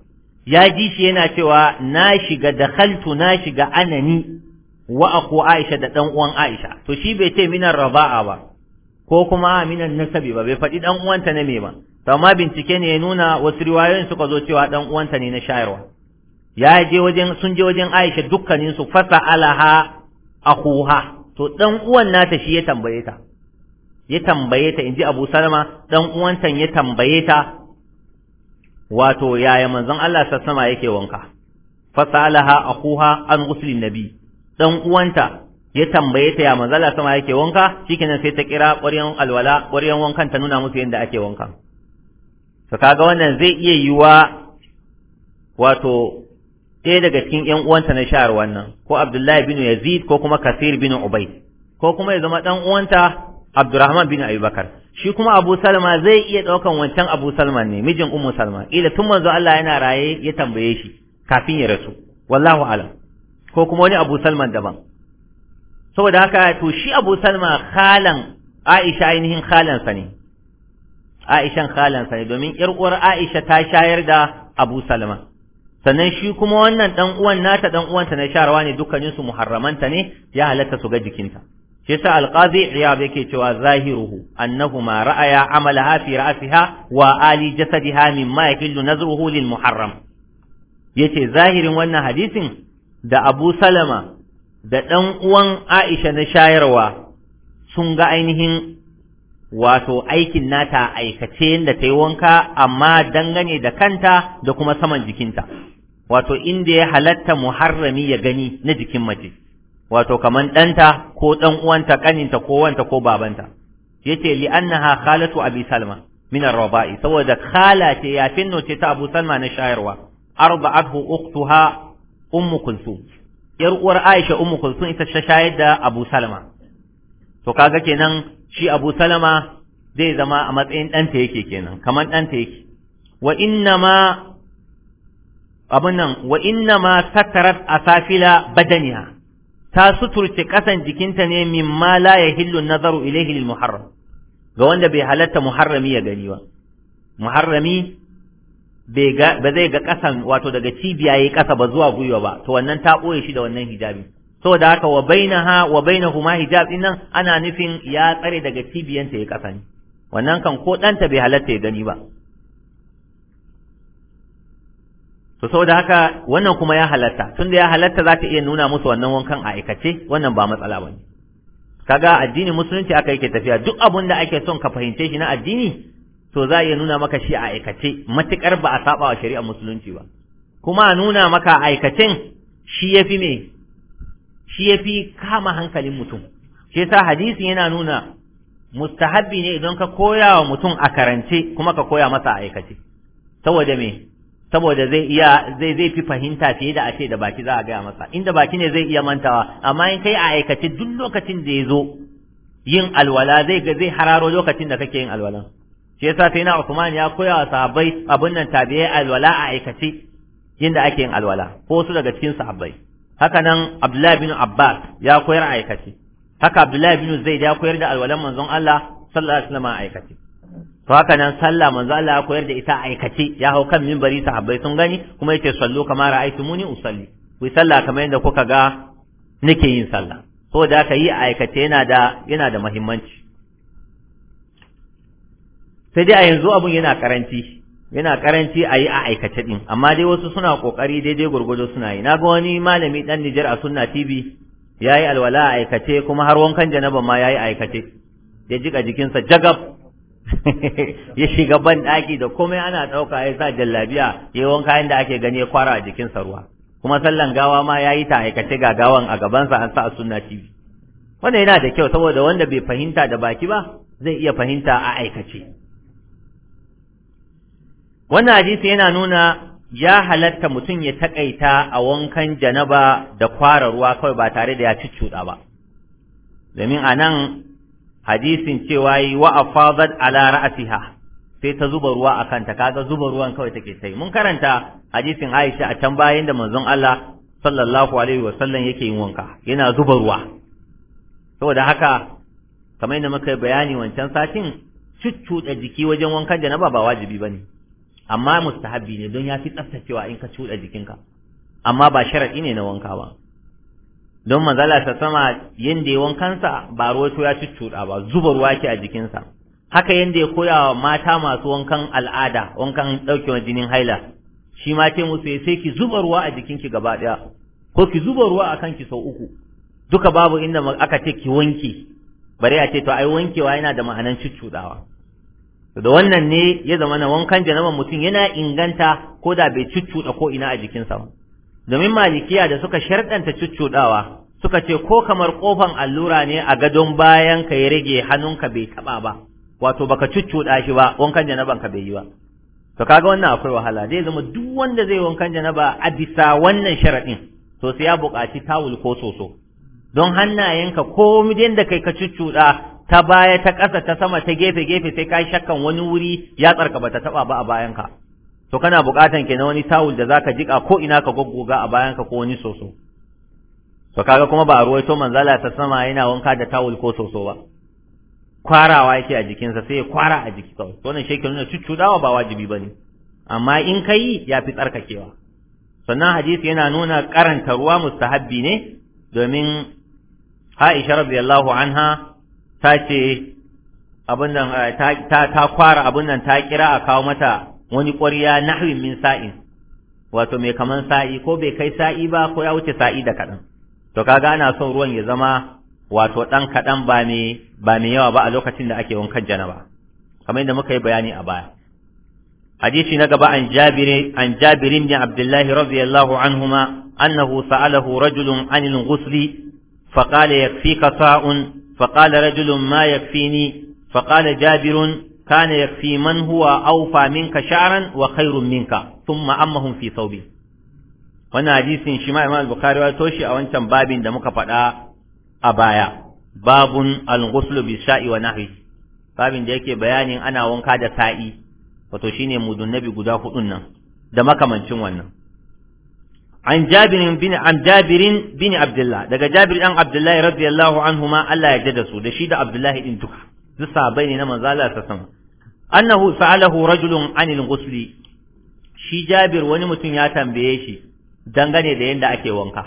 ya ji shi yana cewa na shiga dakhaltu na shiga anani wa aku aisha da dan uwan aisha to shi bai ce minan raba'a ba ko kuma minan nasabi ba bai faɗi dan uwanta na me ba to amma bincike ne ya nuna wasu riwayoyin suka zo cewa dan uwanta ne na shayarwa ya je wajen sun je wajen aisha dukkanin su fasa alaha akuha to dan uwan nata shi ya tambaye ta ya tambaye ta inji Abu Salama dan tan ya tambaye ta wato yaya manzon Allah sassama yake wanka fasalaha akuha an ghusli nabi dan ta ya tambaye ta ya manzon Allah sama yake wanka shikenan sai ta kira ƙwaryan alwala ƙwaryan wankan ta nuna musu yadda ake wanka to kaga wannan zai iya yiwa wato ɗaya daga cikin 'yan uwanta na shahar wannan ko Abdullahi bin Yazid ko kuma Kasir bin Ubayd ko kuma ya zama ɗan uwanta Abdurrahman bin Abubakar shi kuma Abu Salma zai iya ɗaukan wancan Abu Salma ne mijin Ummu Salma ila tun manzo Allah yana raye ya tambaye shi kafin ya rasu wallahu alam ko kuma wani Abu Salman daban saboda haka to shi Abu Salma khalan Aisha ainihin khalan ne Aishan khalan ne domin ƴar uwar Aisha ta shayar da Abu Salma sannan shi kuma wannan dan uwan nata dan uwanta na sharwa ne dukkanin su muharramanta ne ya halatta su ga jikinta shi yasa alqazi iyab yake cewa zahiruhu annahuma ra'aya amalaha fi ra'siha wa ali jasadiha mimma yahillu nazruhu lil muharram yace zahirin wannan hadisin da Abu Salama da dan uwan Aisha na shayarwa sun ga ainihin wato aikin nata aikace yadda ta yi wanka amma dangane da kanta da kuma saman jikinta wato inda ya halatta muharrami ya gani na jikin mace wato kaman ɗanta ko ɗan uwanta ƙaninta ko wanta ko babanta yace li annaha khalatu abi salma min ar-raba'i saboda khala ce ya finno ce ta abu salma na shayarwa arba'athu ukhtuha ummu kulsum yar uwar aisha ummu kulsum ita ta shayar da abu salma to kaga kenan shi abu salma zai zama a matsayin ɗanta yake kenan kaman danta yake wa inna ma abin nan wa inna ma satarat asafila badaniya, ta suturce kasan jikinta ne min ma la yahillu nazaru ilayhi lil muharram ga wanda bai halatta muharrami ya gani ba muharrami ba zai ga kasan wato daga cibiya yayi kasa ba zuwa gwiwa ba to wannan ta boye shi da wannan hijabi saboda haka wa bainaha wa bainahuma hijab din nan ana nufin ya tsare daga cibiyanta ya kasa ne wannan kan ko danta bai halatta ya gani ba to saboda haka wannan kuma ya halatta tunda ya halatta za ta iya nuna musu wannan wankan a aikace wannan ba matsala ba ne kaga addini musulunci aka yake tafiya duk abun da ake son ka fahimce shi na addini to za a iya nuna maka shi a aikace matukar ba a saba wa shari'ar musulunci ba kuma a nuna maka a aikacen shi yafi me shi yafi kama hankalin mutum shi yasa hadisin yana nuna mustahabbi ne idan ka koya wa mutum a karance kuma ka koya masa a aikace saboda me saboda zai iya zai zai fi fahimta fiye da a ce da baki za a gaya masa inda baki ne zai iya mantawa amma in kai a aikace duk lokacin da ya zo yin alwala zai zai hararo lokacin da kake yin alwala shi yasa sai na Usman ya koya wa sahabbai abin nan tabi'ai alwala a aikace yinda ake yin alwala ko su daga cikin sahabbai haka nan Abdullah bin Abbas ya koyar a aikace haka Abdullah bin Zaid ya koyar da alwalan manzon Allah sallallahu alaihi wasallam a aikace to haka nan sallah manzo Allah ya koyar da ita aikace ya hau kan minbari sahabbai sun gani kuma yace sallu kama ra'aytumuni usalli ku sallah kamar yadda kuka ga nake yin sallah so da ka yi aikace yana da yana da muhimmanci sai dai a yanzu abun yana karanci yana karanci a yi a aikace din amma dai wasu suna kokari daidai gurgudo suna yi na ga wani malami dan Nijar a Sunna TV yayi alwala a aikace kuma har wankan janaba ma yayi aikace ya jika jikinsa jagab (laughs) ya shiga ban daki da komai ana dauka ya sa jallabiya yayi wanka inda ake gani ya kwara a jikin saruwa kuma sallan gawa ma yayi ta aikace ga gawan a gaban sa an sa a sunna TV wannan yana da kyau saboda wanda bai fahimta da baki ba zai iya fahimta a aikace wannan hadisi yana nuna ya halatta mutum ya takaita a wankan janaba da kwara ruwa kawai ba tare da ya cuccuɗa ba domin a nan hadisin cewa yi wa afadat ala ra'atiha sai ta zuba ruwa a kanta kaga zuba ruwan kawai take ta yi mun karanta hadisin Aisha a can bayan da manzon Allah sallallahu alaihi wasallam yake yin wanka yana zuba ruwa saboda haka kamar yadda muka bayani wancan satin cuccuɗa jiki wajen wankan na ba wajibi bane amma mustahabi ne don ya fi tsaftacewa in ka cuɗa jikinka amma ba sharaɗi ne na wanka ba don mazala ta sama yanda ya wankansa ba ruwa ya cuccuɗa ba zuba ruwa ke a jikinsa haka yanda ya koya wa mata masu wankan al'ada wankan ɗauke wa jinin haila shi ma ce musu ya eh, sai ki zuba ruwa a jikinki gaba ɗaya ko ki zuba ruwa a kanki sau uku duka babu inda aka ce ki wanke bare a ce to ai wankewa yana da ma'anan cuccuɗawa da wannan ne ya zama na wankan janaban mutum yana inganta ko da bai cuccuɗa ko ina a jikinsa ba domin malikiya da suka sharɗanta cuccuɗawa suka ce ko kamar kofan allura ne a gadon bayan ka ya rage hannunka bai taɓa ba wato baka cuccuɗa shi ba wankan janaban ka bai yi ba to kaga wannan akwai wahala zai zama duk wanda zai wankan janaba a bisa wannan sharaɗin to sai ya buƙaci tawul ko soso don hannayenka ko midin da kai ka cuccuɗa ta baya ta ƙasa ta sama ta gefe gefe sai ka shakkan wani wuri ya tsarka bata taɓa ba a bayanka to kana buƙatan kenan wani tawul da zaka jika ko ina ka goggoga a bayan ka ko wani soso to kaga kuma ba a to manzala ta sama yana wanka da tawul ko soso ba kwarawa yake a jikinsa sai ya kwara a jiki kawai to wannan shekaru nuna cuccudawa ba wajibi bane amma in kai ya fi tsarkakewa sannan hadisi yana nuna karanta ruwa mustahabbi ne domin Aisha radiyallahu anha ta ce abin nan ta ta kwara abin nan ta kira a kawo mata wani ƙwarya nahwin min sa'in wato mai kaman sa'i ko bai kai sa'i ba ko ya wuce sa'i da kaɗan to kaga ana son ruwan ya zama wato ɗan kaɗan ba mai ba mai yawa ba a lokacin da ake wankan janaba kamar yadda muka yi bayani a baya hadisi na gaba an jabiri an jabiri ibn abdullahi radiyallahu anhuma annahu sa'alahu rajulun anil ghusli فقال يكفيك صاع rajulun ma ما يكفيني فقال جابر kana yakfi man huwa awfa minka sha'ran wa khairun minka thumma ammahum fi thawbi wannan hadisin shi ma Imam Bukhari ya toshi a wancan babin da muka faɗa a baya babun al-ghusl bi sa'i wa nahwi babin da yake bayanin ana wanka da sa'i wato shine mudunnabi guda hudun nan da makamancin wannan an jabirin bin an jabirin bin abdullah daga jabir dan abdullahi radiyallahu anhuma Allah ya jada su da shi da abdullahi din duka zisabai ne na manzo ta sama annahu sa'alahu rajulun anil ghusli shi Jabir wani mutum ya tambaye shi dangane da yanda ake wanka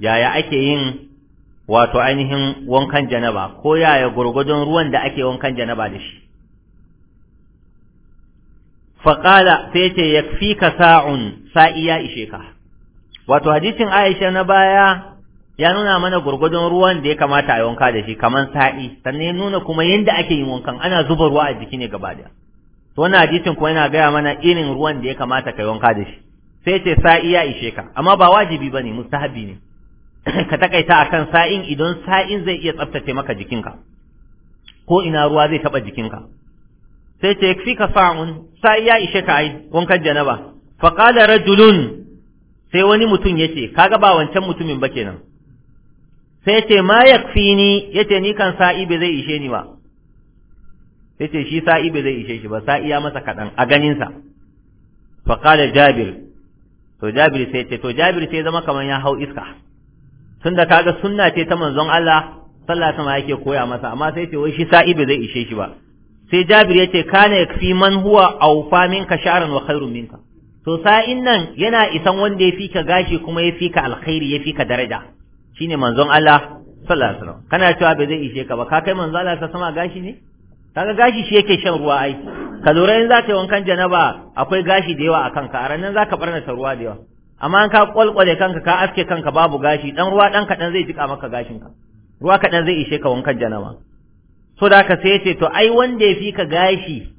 yaya ake yin wato ainihin wankan janaba ko yaya gurgudun ruwan da ake wankan janaba da shi faƙala sai ce ya fi ka sa'un sa'i ya ishe wato hadisin aisha na baya ya nuna mana gurgudun ruwan da ya kamata a yanka da shi kaman sa'i sannan ya nuna kuma yadda ake yin wankan ana zuba ruwa a jiki ne gaba da to wannan hadisin kuma yana gaya mana irin ruwan da ya kamata ka yanka da shi sai ce sa'i ya ishe ka amma ba wajibi bane mustahabi ne (clears throat) ka takaita akan sa'in idan sa'in zai iya tsaftace maka jikinka ko ina ruwa zai taba jikinka sai ce fi ka sa'un sa'i ya ishe ka ai wankan janaba fa qala rajulun sai wani mutum yace kaga ba wancan mutumin ba kenan sai ce ma ya yace ni kan sa'i bai zai ishe ni ba ce shi sa'i bai zai ishe shi ba sa'i ya masa kaɗan a ganinsa. sa fa jabir to jabir sai ce to jabir sai zama kaman ya hau iska tunda kaga suna ce ta manzon Allah sallah sama yake koya masa amma sai ce wai shi sa'i bai zai ishe shi ba sai jabir yace kana fi man huwa awfa minka sha'ran wa khairun minka to sa'in nan yana isan wanda ya fika gashi kuma ya fika alkhairi ya fika daraja shine manzon Allah sallallahu alaihi wasallam kana cewa bai zai ishe ka ba ka kai manzon Allah ta sama gashi ne kaga gashi shi yake shan ruwa ai ka lura in zaka yi wankan janaba akwai gashi da yawa a kanka a ranan zaka barna ta ruwa da yawa amma in ka kwalkwale kanka ka aske kanka babu gashi dan ruwa dan kadan zai jika maka gashin ka ruwa kadan zai ishe ka wankan janaba so da ka sai yace to ai wanda ya fi ka gashi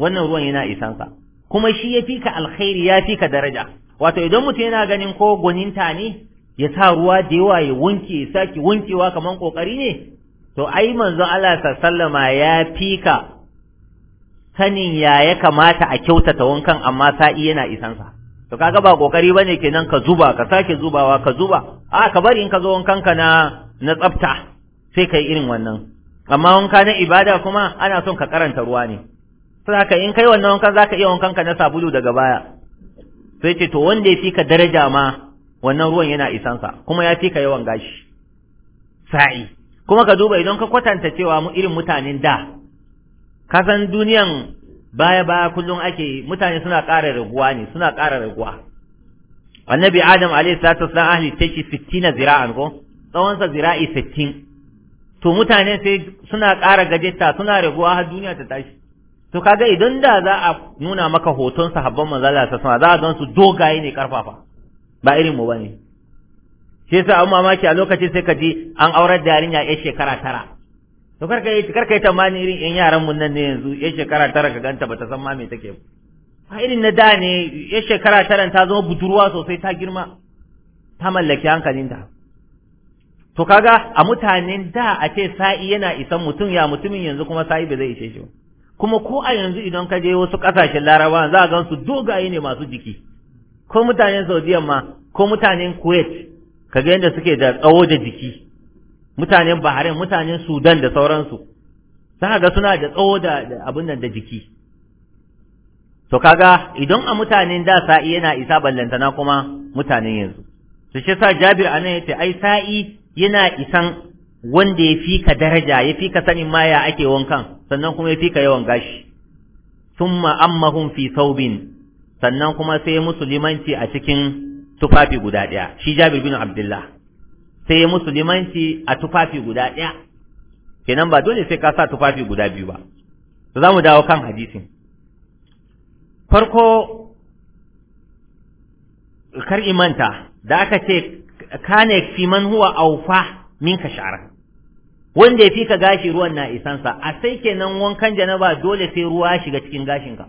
wannan ruwan yana isan ka kuma shi ya fi ka alkhairi ya fi ka daraja wato idan mutum yana ganin ko gwaninta ne ya sa ruwa da yawa ya wanke ya sake wankewa kamar kokari ne to ai manzo Allah sallama ya fika sanin ya ya kamata a kyautata wankan amma sa'i yana isansa to kaga ba kokari bane kenan ka zuba ka sake zubawa ka zuba a ka bari in ka zo wankan ka na na tsafta sai kai irin wannan amma wanka na ibada kuma ana son ka karanta ruwa ne saboda in kai wannan wankan zaka iya wankan ka na sabulu daga baya sai ce to wanda ya fika ka daraja ma wannan ruwan yana isansa kuma ya fi ka yawan gashi sa'i kuma ka duba idan ka kwatanta cewa mu irin mutanen da ka san duniyan baya baya kullum ake mutane suna ƙara raguwa ne suna ƙara raguwa annabi adam alayhi salatu wasallam ahli tashi 60 zira'an ko tsawon sa zira'i 60 to mutane sai suna ƙara gajetta, suna raguwa har duniya ta tashi to kaga idan da za a nuna maka hoton sahabban manzo Allah sallallahu alaihi wasallam za a don su dogaye ne karfafa ba irin mu bane shi yasa an mamaki a lokacin sai ka ji an aurar da yarinya ya shekara tara to karka yi karka yi tamani irin yan yaran mu nan ne yanzu ya shekara tara ka ganta bata san ma me take ba irin na da ne ya shekara tara ta zama budurwa sosai ta girma ta mallaki hankalinta to kaga a mutanen da a ce sa'i yana isan mutum ya mutumin yanzu kuma sa'i bai zai ishe shi ba kuma ko a yanzu idan ka je wasu kasashen laraba za a gansu dogaye ne masu jiki ko mutanen saudiyan ma ko mutanen Kuwait kaga yadda suke da tsawo da jiki mutanen Bahrain mutanen Sudan da sauransu za ga suna da tsawo da abin nan da jiki to kaga idan a mutanen da sa'i yana isa ballantana kuma mutanen yanzu to shi sa Jabir anan yace ai sa'i yana isan wanda ya fika daraja ya fika ka sanin ma ya ake wankan sannan kuma ya fi yawan gashi summa ammahum fi thawbin sannan kuma sai musulmanci a cikin tufafi guda ɗaya shi jabir bin abdullah sai ya musu a tufafi guda ɗaya kenan ba dole sai ka sa tufafi guda biyu ba to za mu dawo kan hadisin farko kar imanta da aka ce kane fi man huwa aufa minka shara wanda ya fi ka gashi ruwan na isansa a sai kenan wankan janaba dole sai ruwa shiga cikin gashinka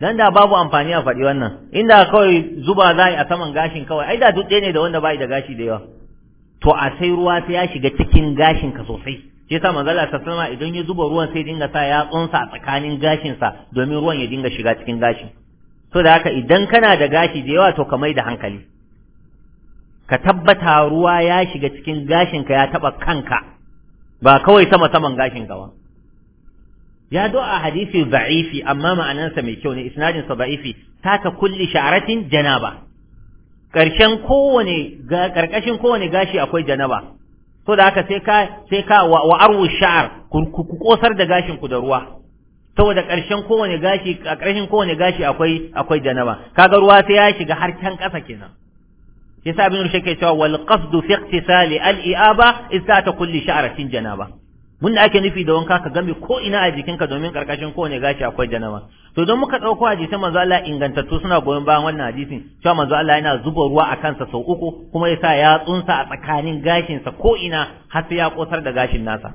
dan da babu amfani a faɗi wannan inda kawai zuba za a saman gashin kawai ai da duk ne da wanda bai da gashi da yawa to a sai ruwa sai ya shiga cikin gashin ka sosai shi yasa manzo Allah Sama idan ya zuba ruwan sai dinga sa yatsunsa a tsakanin gashin sa domin ruwan ya dinga shiga cikin gashin to da haka idan kana da gashi da yawa to ka mai da hankali ka tabbata ruwa ya shiga cikin gashin ka ya taba kanka ba kawai sama saman gashin ka ba ya zo a hadisi da'ifi amma ma'anansa mai kyau ne isnadin sa da'ifi taka kulli sha'aratin janaba karshen kowane karkashin kowane gashi akwai janaba so da haka sai ka sai ka wa, arwu sha'ar ku kosar da gashin ku da ruwa saboda karshen kowane gashi a karshen kowane gashi akwai akwai janaba kaga ruwa sai ya shiga har can kasa kenan yasa ibn rushd ke cewa wal qasdu fi iqtisali al i'aba ta kulli sha'aratin janaba mun da ake nufi da wanka ka gami ko ina a jikinka domin karkashin kowane gashi akwai janama, to don muka dauko hadisan manzo Allah ingantattu suna goyon bayan wannan hadisin cewa manzo Allah yana zuba ruwa a kansa sau uku kuma yasa ya sa a tsakanin gashinsa ko ina har ya kosar da gashin nasa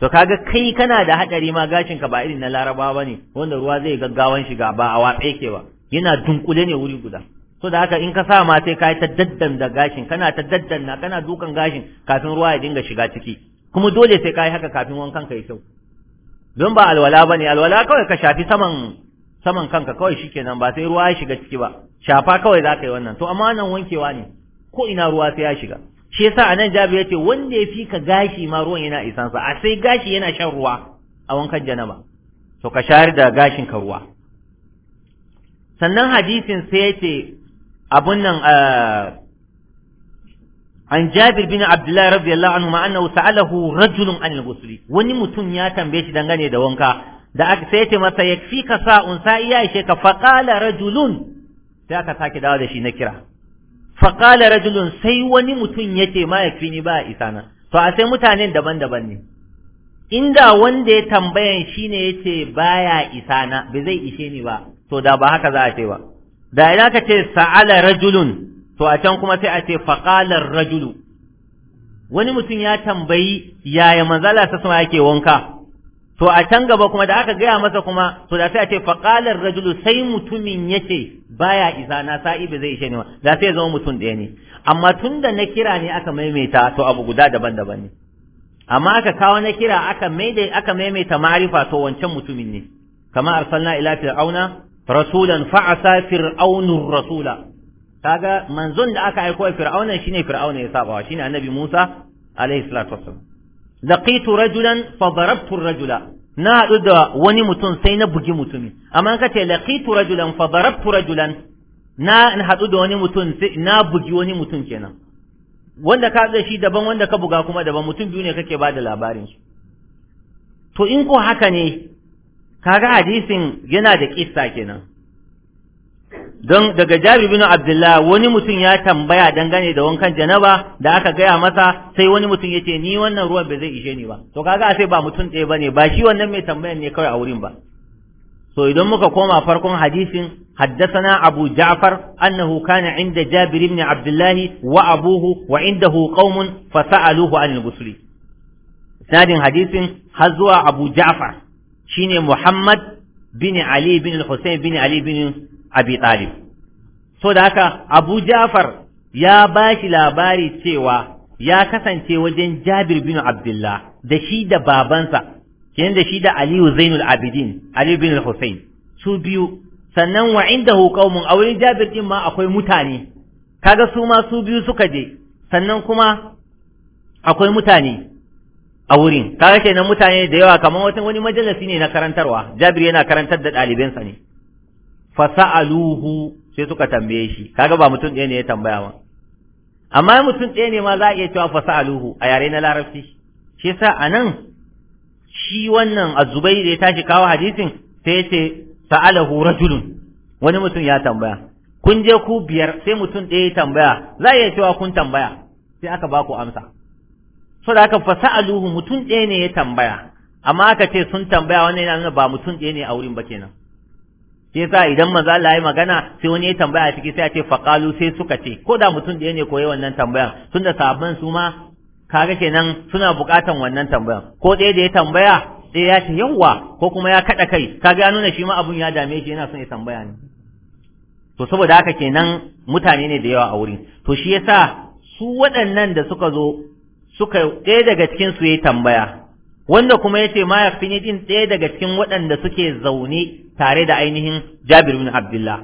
to kaga kai kana da hadari ma gashin ka ba irin na Laraba bane wanda ruwa zai gaggawan shiga ba a watsa yake ba yana dunkule ne wuri guda so da haka in ka sa ma sai ka yi ta daddan da gashin kana ta daddan na kana dukan gashin kafin ruwa ya dinga shiga ciki kuma dole sai ka yi haka kafin wankan ka yi kyau don ba alwala ba ne alwala kawai ka shafi saman saman kanka kawai shi kenan ba sai ruwa ya shiga ciki ba shafa kawai za ka yi wannan to amma nan wankewa ne ko ina ruwa sai ya shiga shi yasa anan jabi ya ce wanda ya fi ka gashi ma ruwan yana isansa a sai gashi yana shan ruwa a wankan janaba to ka shayar da gashin ka ruwa sannan hadisin sai ce abun nan eh, an jabir bin abdullahi radiyallahu anhu ma annahu sa'alahu rajulun anil wani mutum ya tambaye shi dangane da wanka da aka sai ce masa ka sa'un sa'i ya ishe ka faqala rajulun sai aka saki dawo da shi na kira faqala rajulun sai wani mutum yace ma ni ba isana to a sai mutanen daban-daban ne inda wanda ya tambayan shine yace baya isana bai zai ishe ni ba to da ba haka za a ce ba da ina ka ce sa'ala rajulun to a can kuma sai a ce faƙalar rajulu wani mutum ya tambayi yaya manzala ta sama yake wanka to a can gaba kuma da aka gaya masa kuma to da sai a ce faƙalar rajulu sai mutumin yace baya isa na sa'i ba zai ishe ni ba da sai ya zama mutum ɗaya ne amma tun da na kira ne aka maimaita to abu guda daban-daban ne amma aka kawo na kira aka maida aka maimaita ma'arifa to wancan mutumin ne kama arsalna ila fir'auna rasulan fa'asa fir'aunur rasula kaga manzon da aka aiko wa fir'auna shine fir'auna ya saba wa shine annabi Musa alaihi salatu wassalam laqitu rajulan fa darabtu rajula na hadu da wani mutum sai na bugi mutumi amma ka ce laqitu rajulan fa darabtu rajulan na hadu da wani mutum sai na bugi wani mutum kenan wanda ka da shi daban wanda ka buga kuma daban mutum biyu ne kake bada labarin su to in ko haka ne kaga hadisin yana da kissa kenan don daga jari bin abdullah wani mutum ya tambaya dangane da wankan janaba da aka gaya masa sai wani mutum yace ni wannan ruwan bai zai ishe ni ba to kaga sai ba mutum ɗaya bane ba shi wannan mai tambayan ne kawai a wurin ba so idan muka koma farkon hadisin حدثنا أبو جعفر أنه كان عند جابر بن عبد الله وأبوه وعنده قوم فسألوه عن الغسل سند حديث هزوى أبو جعفر شين محمد بن علي بن الحسين بن علي بن abi talib so da haka abu jafar ya ba shi labari cewa ya kasance wajen jabir bin abdullah da shi da babansa kenan da shi da aliyu zainul abidin Aliyu bin husayn su biyu sannan wa indahu mun a wurin jabir din ma akwai mutane kaga su ma su biyu suka je sannan kuma akwai mutane a wurin kaga kenan mutane da yawa kamar wani majalisi ne na karantarwa jabir yana karantar da ɗalibansa ne fasa'aluhu sai suka tambaye shi kaga ba mutum ɗaya ne ya tambaya ba amma mutum ɗaya ne ma za a iya cewa fasa'aluhu a yare na larabci shi yasa anan shi wannan azubai da ya tashi kawo hadisin sai ya ce sa'alahu rajulun wani mutum ya tambaya kun je ku biyar sai mutum ɗaya ya tambaya za a iya cewa kun tambaya sai aka ba ku amsa so da aka fasa'aluhu mutum ɗaya ne ya tambaya amma aka ce sun tambaya wannan yana nuna ba mutum ɗaya ne a wurin ba kenan ke sa idan maza Allah ya magana sai wani ya tambaya a ciki sai a ce faqalu sai suka ce ko da mutum ɗaya ne koyi wannan tambayan da sabon su ma kaga kenan suna buƙatan wannan tambayan ko ɗaya da ya tambaya ɗaya ya ce yawwa ko kuma ya kaɗa kai kaga ya nuna shi ma abun ya dame shi yana son ya tambaya ne to saboda haka kenan mutane ne da yawa a wuri, to shi yasa su waɗannan da suka zo suka ɗaya daga cikin su yayi tambaya wanda kuma ce ma yakfini din ɗaya daga cikin waɗanda suke zaune tare da ainihin Jabir bin Abdullah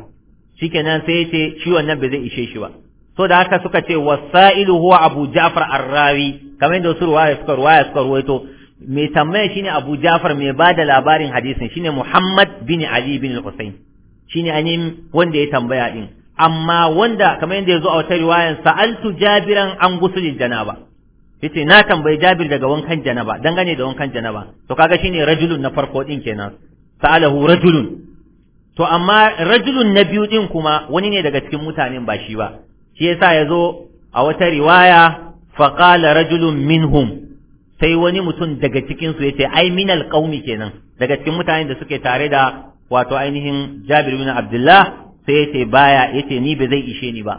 shikenan sai yace shi wannan bai zai ishe shi ba so da haka suka ce wasailu huwa Abu Ja'far Ar-Rawi kamar yadda wasu ruwaya suka ruwaya suka ruwaito mai tambaya shine Abu Ja'far mai da labarin hadisin shine Muhammad bin Ali bin Al-Husayn shine anin wanda ya tambaya din amma wanda kamar yadda yazo a wata riwayan sa'altu Jabiran an gusulil janaba yace na tambayi Jabir daga wankan janaba dangane da wankan janaba to kaga shine rajulun na farko din kenan sa'alahu rajulun to amma rajulun na biyu din kuma wani ne daga cikin mutanen ba shi ba shi yasa yazo a wata riwaya fa qala rajulun minhum sai wani mutum daga cikin su yace ai minal qaumi kenan daga cikin mutanen da suke tare da wato ainihin Jabir bin Abdullah sai yace baya yace ni ba zai ishe ni ba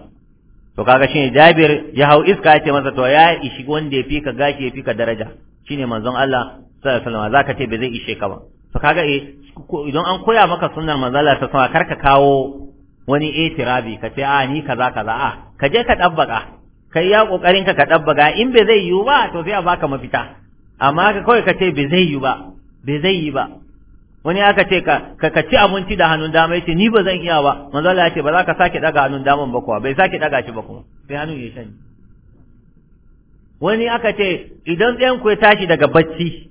to kaga shine Jabir ya hau iska ya ce masa to ya ishi wanda ya fika gashi ya fika daraja shine manzon Allah sallallahu alaihi wasallam zaka ce bai zai ishe ka ba to kaga eh idan an koya maka sunnar manzon Allah sallallahu alaihi wasallam karka kawo wani itirabi ka ce a ah, ni kaza kaza a ah, ka je ka dabbaka kai ya kokarin ka ka dabbaka in bai zai yiwu ba to sai a baka mafita amma ka kawai ka ce bai zai yiwu ba bai zai yi ba wani aka ce ka ka ci abinci da hannun dama yace ni ba zan iya ba manzo Allah yace ba za ka sake daga hannun daman ba kuwa bai sake daga shi ba kuma sai hannun ya shanye wani aka ce idan ɗayan ku ya tashi daga bacci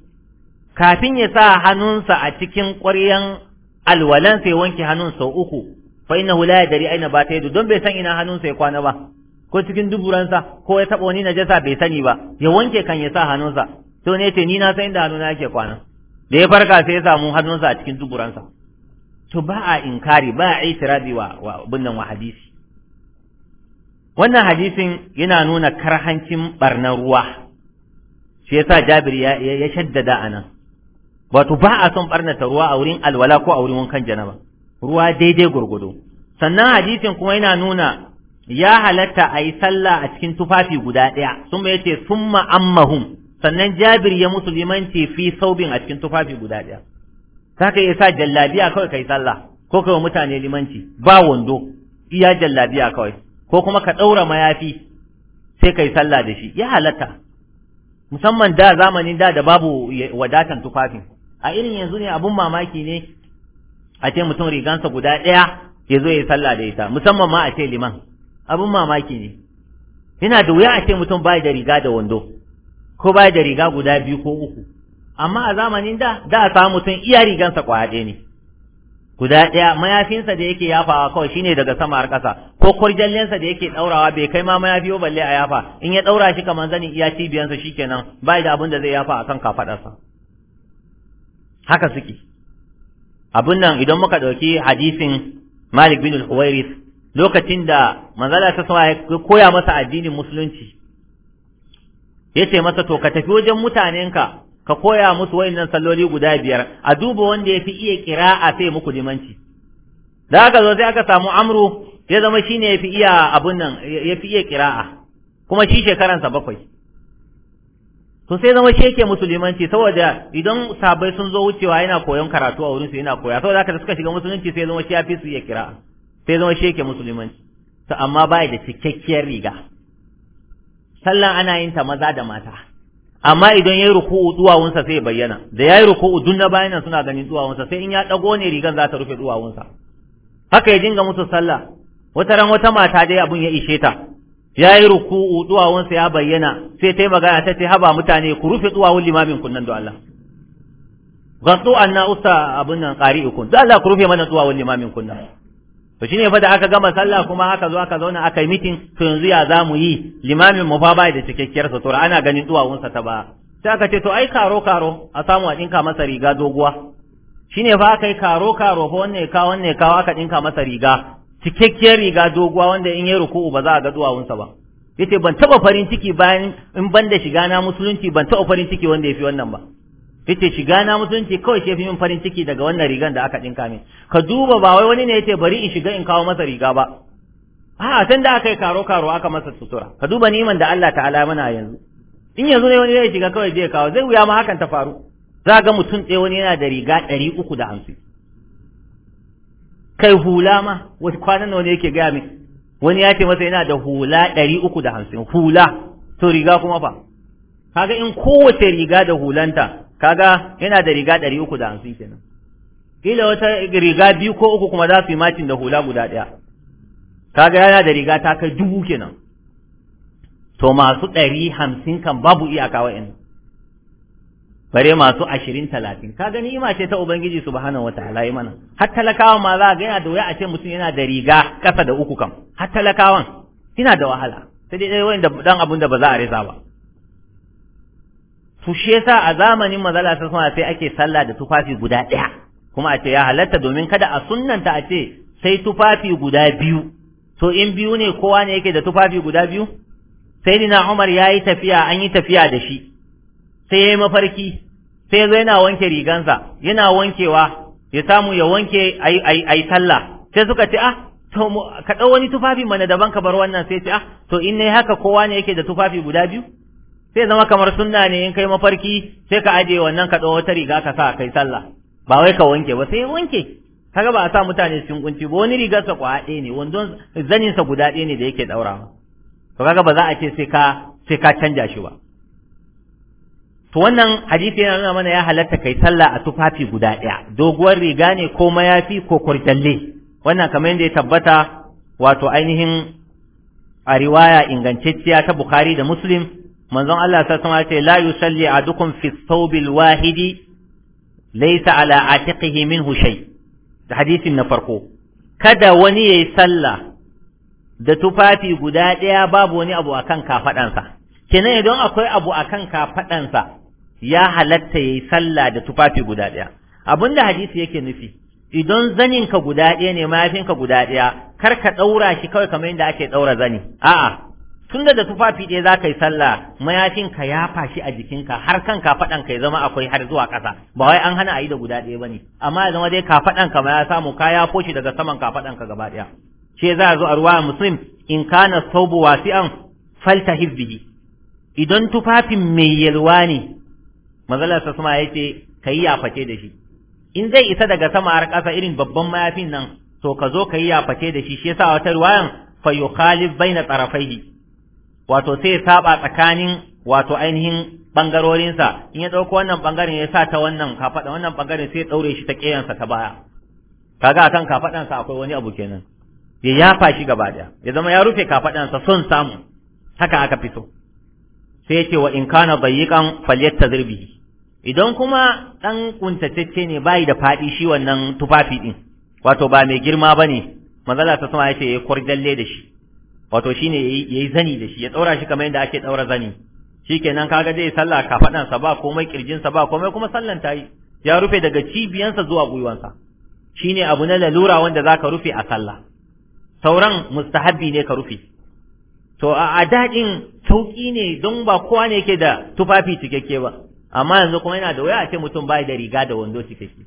kafin ya sa hannunsa a cikin ƙwaryan alwalan sai wanke hannun sau uku fa innahu la yadri aina ba ta yadu don bai san ina hannunsa ya kwana ba ko cikin duburansa ko ya taba wani najasa bai sani ba ya wanke kan ya sa hannunsa to ne ce ni na san inda hannuna yake kwana da ya farka sai ya samu hannunsa a cikin duburansa to ba a inkari ba a itirazi wa wa hadisi wannan hadisin yana nuna karhancin barnar ruwa shi yasa jabiri ya ya shaddada anan wato ba a son barnata ruwa a wurin alwala ko a wurin wankan janaba ruwa daidai gurgudo sannan hadisin kuma yana nuna ya halatta a yi sallah a cikin tufafi guda ɗaya sun yace summa ammahum sannan jabir ya musu limanci fi saubin a cikin tufafi guda ɗaya ta ka sa jallabiya kawai kai sallah ko kai mutane limanci ba wando iya jallabiya kawai ko kuma ka ɗaura mayafi sai kai sallah da shi ya halatta musamman da zamanin da da babu wadatan tufafin a irin yanzu ne abun mamaki ne a ce mutum rigansa guda ɗaya ya zo ya yi sallah da ita musamman ma a ce liman abun mamaki ne yana da wuya a ce mutum bai da riga da wando ko ba da riga guda biyu ko uku amma a zamanin da da a samu sun iya rigansa kwaya ɗaya ne guda ɗaya mayafinsa da yake yafawa kawai shine daga sama har ƙasa ko kurjallensa da yake ɗaurawa bai kai ma mayafi ba balle a yafa in ya ɗaura shi kamar zanin iya cibiyansa shikenan bai da abin da zai yafa a kan kafaɗarsa haka suke abin nan idan muka ɗauki hadisin Malik bin al lokacin da manzala ta sama ya koya masa addinin musulunci yace masa to ka tafi wajen mutanenka ka koya musu wayannan salloli guda biyar a duba wanda yafi iya qira'a sai muku limanci da aka zo sai aka samu amru ya zama shine yafi iya abun nan yafi iya qira'a kuma shi sa bakwai to sai zama shi yake musulmanci saboda idan sabai sun zo wucewa yana koyon karatu a wurin su yana koya saboda haka suka shiga musulunci sai zama shi ya fi su iya kiraa sai zama shi yake musulmanci to amma ba da cikakkiyar riga sallan ana yin ta maza da mata amma idan yayi ruku'u duwawunsa sai bayyana da yayi ruku'u dun na bayanan suna ganin duwawunsa sai in ya dago ne rigan za ta rufe duwawunsa haka ya dinga musu sallah wata ran wata mata dai abun ya ishe ta yayi ruku'u duwawunsa ya bayyana sai ta yi magana ta ce haba mutane ku rufe duwawun limamin kunnan da Allah gatsu anna usta abun nan qari'ukun da Allah ku rufe mana duwawun limamin kunnan to shine fa da aka gama sallah kuma aka zo aka zauna aka yi mitin to yanzu ya zamu yi limamin mu fa bai da cikakkiyar sutura ana ganin sa ta ba sai aka ce to ai karo karo a samu a dinka masa riga doguwa shine fa aka yi karo karo fa wanne ka wanne ka aka dinka masa riga cikakkiyar riga doguwa wanda in yi ruku'u ba za a ga sa ba yace ban taba farin ciki bayan in banda shiga na musulunci ban taba farin ciki wanda yafi wannan ba yace shiga na mutunci kawai shi min farin ciki daga wannan rigan da aka dinka min ka duba ba wai wani ne yace bari in shiga in kawo masa riga ba a san da aka yi karo karo aka masa sutura ka duba niman da Allah ta'ala mana yanzu in yanzu ne wani zai shiga kawai zai kawo zai wuya ma hakan ta faru za ga mutum ɗaya wani yana da riga ɗari uku da hamsin kai hula ma wasu kwanan nawa ne yake gaya min wani ya ce masa yana da hula ɗari uku da hamsin hula to riga kuma fa kaga in kowace riga da hulanta kaga yana da riga ɗari uku da hamsin kenan kila wata riga biyu ko uku kuma za su yi macin da hula guda ɗaya kaga yana da riga ta kai dubu kenan to masu ɗari hamsin kan babu iyaka wa'in bare masu ashirin talatin ka gani ima ce ta ubangiji subhanahu wa ta'ala yi mana har talakawan ma za ga yana da wuya a ce mutum yana da riga ƙasa da uku kam har talakawan yana da wahala sai dai wani da dan abun da ba za a risa ba to shi yasa a zamanin mazala ta suna sai ake sallah da tufafi guda ɗaya kuma a ce ya halatta domin kada a sunnanta a ce sai tufafi guda biyu to in biyu ne kowa ne yake da tufafi guda biyu sai dina Umar ya yi tafiya an yi tafiya da shi sai ya yi mafarki sai ya zo yana wanke rigansa yana wankewa ya samu ya wanke a yi sallah sai suka ce ah to ka ɗau wani tufafi mana daban ka bar wannan sai ce ah to in ne haka kowa ne yake da tufafi guda biyu sai zama kamar sunna ne in kai mafarki sai ka aje wannan ka wata riga ka sa kai sallah ba wai ka wanke ba sai wanke kaga ba a sa mutane cikin kunci ba wani rigar sa kwa ɗaya ne wandon zanin sa guda ɗaya ne da yake daurawa to kaga ba za a ce sai ka sai ka canja shi ba to wannan hadisi yana nuna mana ya halatta kai sallah a tufafi guda ɗaya doguwar riga ne ko mayafi ko kurjalle wannan kamar yadda ya tabbata wato ainihin a riwaya ingantacciya ta Bukhari da Muslim manzon Allah ta sama ce la yusalli adukum fi thawbil wahidi laysa ala atiqihi minhu shay da hadisin na farko kada wani yayi sallah da tufafi guda daya babu wani abu akan kafadansa kenan idan akwai abu akan kafadansa ya halatta yayi sallah da tufafi guda daya abinda hadisi yake nufi idan zaninka guda ɗaya ne ka guda ɗaya kar ka ɗaura shi kawai kamar yadda ake ɗaura zani a'a tun da tufafi ɗaya za ka yi sallah mayafin ka ya fashi a jikinka har kan kafaɗan ka ya zama akwai har zuwa ƙasa ba wai an hana a yi da guda ɗaya ba ne amma ya zama dai kafaɗan ka ma ya samu ka ya foshi daga saman kafaɗan ka gaba ɗaya ce za a zo a ruwa musulmin, in ka kana saubu wasi'an falta hizbihi idan tufafin mai yalwa ne mazalar sa suma yace ka yi yaface da shi in zai isa daga sama har ƙasa irin babban mayafin nan to ka zo ka yi yaface da shi shi yasa wata ruwayan fa yukhalif baina tarafaihi wato sai ya saba tsakanin wato ainihin bangarorinsa in ya ɗauko wannan bangaren ya sa ta wannan kafada wannan bangaren sai ya daure shi ta ƙeyansa ta baya kaga kan kafaɗansa akwai wani abu kenan ya yafa shi gaba ɗaya. ya zama ya rufe sa son samu haka aka fito sai ce wa in kana bayyikan falyatta bihi idan kuma ɗan kuntatacce ne bai da faɗi shi wannan tufafi ɗin. wato ba mai girma ba ne? manzala ta sama ce ya kwardalle da shi wato shine yayi zani da shi ya tsaura shi kamar yadda ake daura zani shikenan kaga zai sallah kafadan sa ba komai kirjin sa ba komai kuma sallan tayi ya rufe daga cibiyansa zuwa gwiwansa ne abu na lalura wanda za ka rufe a sallah sauran mustahabbi ne ka rufe to a daɗin sauƙi ne don ba kowa ne yake da tufafi cikakke ba amma yanzu kuma yana da waya a ce mutum bai da riga da wando cikakke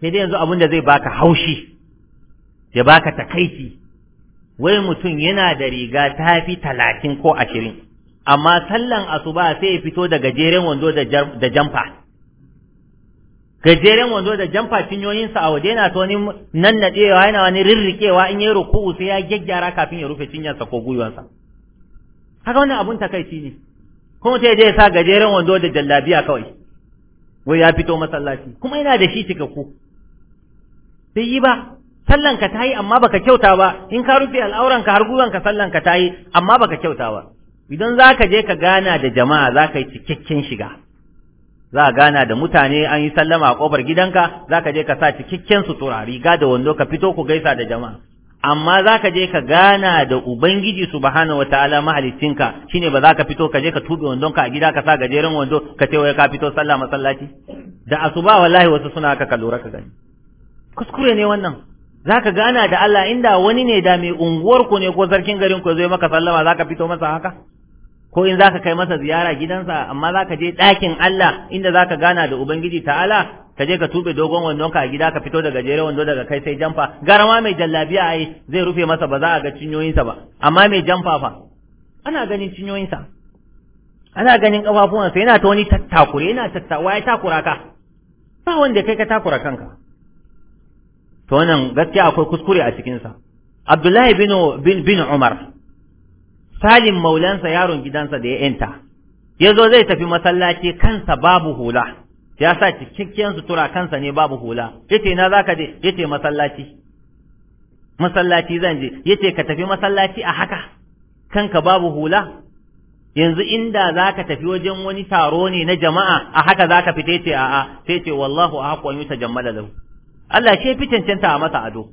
sai dai yanzu abin da zai baka haushi ya baka takaici wai mutum yana da riga ta fi talatin ko ashirin amma sallan asuba sai ya fito da gajeren wando da jamfa gajeren wando da jamfa cinyoyinsa a waje yana ta wani nannaɗewa yana wani rirriƙewa in ya ruku'u sai ya gyaggyara kafin ya rufe cinyarsa ko gwiwansa haka wani abun takaici ne kuma sai ya sa gajeren wando da jallabiya kawai wai ya fito masallaci kuma yana da shi cikakku Sai yi ba sallan ka tayi amma baka kyauta ba in ka rufe al'auran ka har gwiwan ka sallan ka tayi amma baka kyauta ba idan zaka je ka gana da jama'a zaka yi cikakken shiga za a gana da mutane an yi sallama a kofar gidanka za ka je ka sa cikakken sutura riga da wando ka fito ku gaisa da jama'a amma za ka je ka gana da ubangiji subhanahu wataala ka shine ba za ka fito ka je ka tube wandonka a gida ka sa gajeren wando ka ce wai ka fito sallah masallaci da asuba wallahi wasu suna ka lura ka gani kuskure ne wannan Za ka gana da Allah inda wani ne da mai unguwar ku ne ko sarkin garin ku zai maka sallama za ka fito masa haka ko in za ka kai masa ziyara gidansa amma za ka je ɗakin Allah inda za ka gana da ubangiji ta'ala ka je ka tube dogon wando ka a gida ka fito daga jere wando daga kai sai jamfa garama mai jallabiya ai zai rufe masa ba za a ga cinyoyinsa ba amma mai jamfa fa ana ganin cinyoyinsa ana ganin kafafuwansa yana ta wani tattakure yana tattawa ya takura ka ba wanda kai ka takura kanka to wannan gaskiya akwai kuskure a cikinsa. Abdullahi bin bin Umar Salim maulansa yaron gidansa da ya Ya yazo zai tafi masallaci kansa babu hula ya sa cikakken sutura kansa ne babu hula yace na zaka je yace masallaci masallaci zan je yace ka tafi masallaci a haka kanka babu hula yanzu inda zaka tafi wajen wani taro ne na jama'a a haka zaka fita yace a'a sai ce wallahu ahqqu an yutajammal lahu Allah ce fi cancanta a masa ado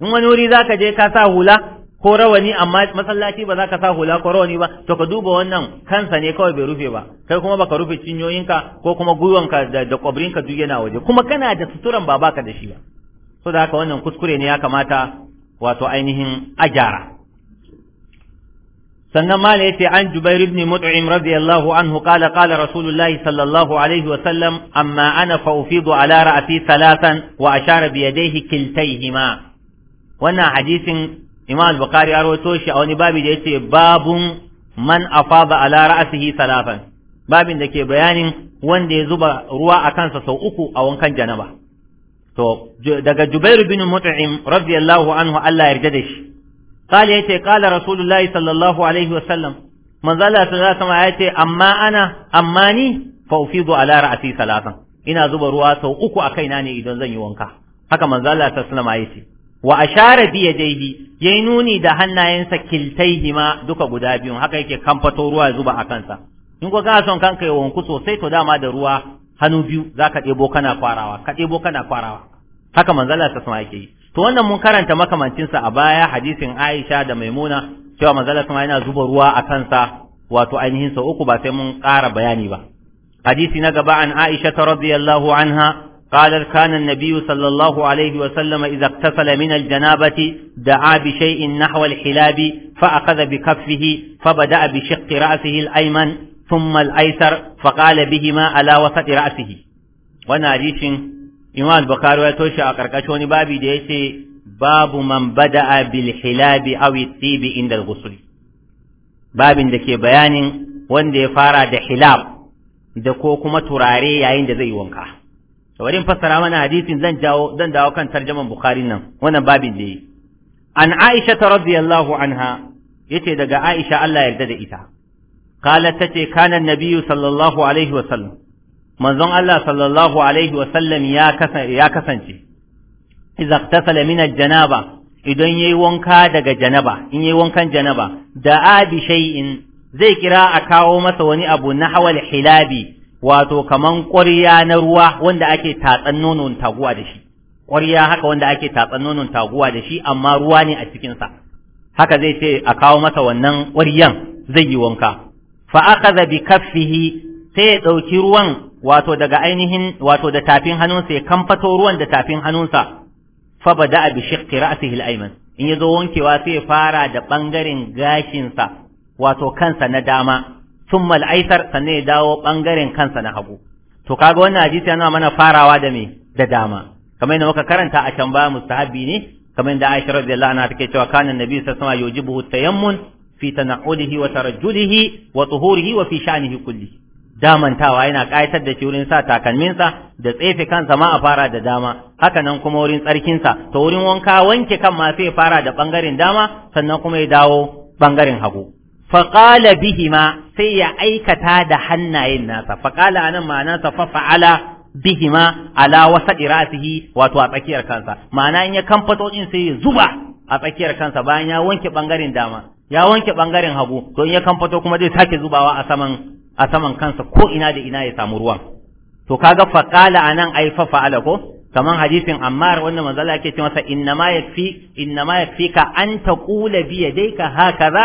in wani wuri za ka je ka sa hula ko rawani amma masallaci ba za ka sa hula ko rawani ba to ka duba wannan kansa ne kawai bai rufe ba kai kuma baka rufe cinyoyinka ko kuma gwiwanka da, da kwabrinka duk yana waje kuma kana da suturan ba baka da shi ba so da haka wannan kuskure ne ya kamata wato ainihin a gyara sannan mala yace an jubair ibn mut'im radiyallahu anhu qala qala rasulullahi sallallahu alaihi wa sallam amma ana fa ufidu ala ra'si thalathan wa ashara bi yadayhi kiltayhima wannan hadisin imam al-bukhari ya shi a wani babi da yace babun man afada ala ra'sihi thalathan babin da ke bayanin wanda ya zuba ruwa a kansa sau uku a wankan janaba to daga jubair ibn mut'im radiyallahu anhu Allah ya yarda da shi kala yace kala rasulullahi sallallahu alaihi wasallam manzo Allah ta sama yace amma ana amma ni fa ufidu ala ra'si salatan ina zuba ruwa sau uku a kaina ne idan zan yi wanka haka manzo Allah ta sallama yace wa ashara bi yadayhi yayi nuni da hannayensa kiltaihima duka guda biyu. haka yake kamfato ruwa zuba a kansa in ko ka son kanka ya wanku sosai to dama da ruwa hannu biyu zaka debo kana kwarawa ka debo kana kwarawa haka manzo Allah ta sama yake yi to wannan mun karanta makamancinsa a baya hadisin Aisha da Maimuna cewa manzala kuma yana zuba ruwa a kansa wato ainihin sau uku ba sai mun ƙara bayani ba hadisi na gaba an Aisha ta radiyallahu anha قال كان النبي صلى الله عليه وسلم إذا اغتسل من الجنابة دعا بشيء نحو الحلاب فأخذ بكفه فبدأ بشق رأسه الأيمن ثم الأيسر فقال بهما على وسط رأسه وانا imam al-bukhari ya toshe a karkashin wani babi da yace babu man bada'a bil hilabi aw tibi inda al-ghusl babin da ke bayanin wanda ya fara da hilab da ko kuma turare yayin da zai yi wanka saboda fassara mana hadisin zan jawo zan dawo kan tarjaman bukhari nan wannan babin da yi an aisha radiyallahu anha yace daga aisha Allah yarda da ita قالت تتي كان nabiyyu sallallahu alaihi wa sallam. manzon Allah sallallahu alaihi wa sallam ya kasance ya idza iktasala min janaba idan yayi wanka daga janaba in yayi wankan janaba da abi shay'in zai kira a kawo masa wani abu na hawal hilabi wato kaman ƙwarya na ruwa wanda ake tatsan nonon taguwa da shi ƙwarya haka wanda ake tatsan nonon taguwa da shi amma ruwa ne a cikinsa haka zai ce a kawo masa wannan ƙwaryan zai yi wanka fa akhadha bi kaffihi sai ya ɗauki ruwan wato daga ainihin wato da tafin hannunsa ya kamfato ruwan da tafin hannunsa fa bada bi shiqqi ra'sihi al-ayman in yazo wankewa sai ya fara da bangaren gashinsa wato kansa na dama thumma al-aysar sannan ya dawo bangaren kansa na hagu to kaga wannan hadisi yana mana farawa da me da dama kamar yadda muka karanta a can ba mustahabi ne kamar yadda Aisha radiyallahu anha take cewa kana annabi sallallahu alaihi wasallam yujibuhu tayammun fi tanahulihi wa tarajjulihi wa tuhurihi wa fi sha'nihi kullihi damantawa yana ƙayatar da shi wurin sa takalminsa da tsefe kansa ma a fara da dama haka nan kuma wurin tsarkinsa to wurin wanka wanke kan ma sai fara da ɓangaren dama sannan kuma ya dawo ɓangaren hagu faƙala ma sai ya aikata da hannayen nasa faƙala anan ma'anansa fa fa'ala ma ala wasa irasihi wato a tsakiyar kansa ma'ana in ya kamfato din sai ya zuba a tsakiyar kansa bayan ya wanke bangaren dama ya wanke bangaren hagu to in ya kamfato kuma zai sake zubawa a saman a saman kansa ko ina da ina ya samu ruwan to kaga faqala anan ai fa fa'ala ko kaman hadisin Ammar wannan manzo Allah yake ce masa innama yafi innama yakfika an taqula bi yadayka hakaza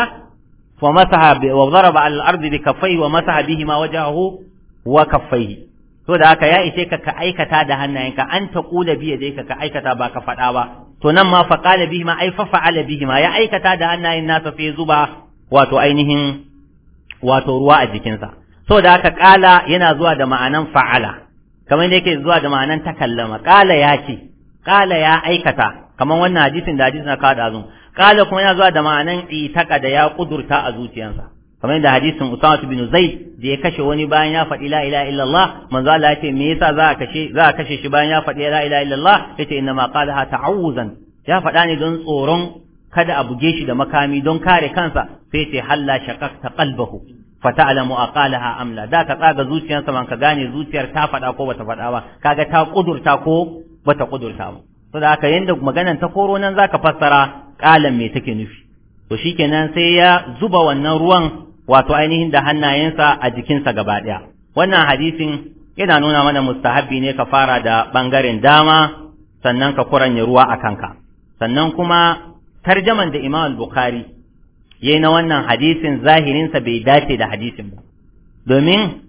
fa masaha wa daraba al ardi bi kaffayhi wa masaha ma wajhahu wa kaffayhi to da haka ya ishe ka ka aikata da hannayenka an kula biya yadayka ka aikata ba ka faɗa ba to nan ma faqala bihi ma ai fa'ala bihi ma ya aikata da hannayen nasa sai zuba wato ainihin wato ruwa a jikinsa so da haka qala yana zuwa da ma'anan fa'ala kamar yake zuwa da ma'anan takallama qala ya ce qala ya aikata kamar wannan hadisin da hadisin ka da azun qala kuma yana zuwa da ma'anan itaka da ya kudurta a zuciyarsa kamar da hadisin Usama bin Zaid da ya kashe wani bayan ya faɗi la ilaha illallah manzo Allah yace me yasa za a kashe za kashe shi bayan ya faɗi la ilaha illallah yace inna ma qalaha ta'awuzan ya faɗa ne don tsoron kada a buge shi da makami don kare kansa sai yace halla shaqaqta qalbahu fata'lamu aqalaha amla da ka tsaga zuciyarsa man ka gane zuciyar ta faɗa ko bata faɗa ba kaga ta kudurta ko bata kudurta ba saboda haka yanda maganan ta koro nan zaka fassara qalan me take nufi to shikenan sai ya zuba wannan ruwan wato ainihin da hannayensa a jikinsa gaba ɗaya wannan hadisin yana nuna mana mustahabbi ne ka fara da ɓangaren dama sannan ka kuranye ruwa a kanka sannan kuma tarjaman da imam bukhari ya na wannan hadisin zahirinsa bai dace da hadisin ba domin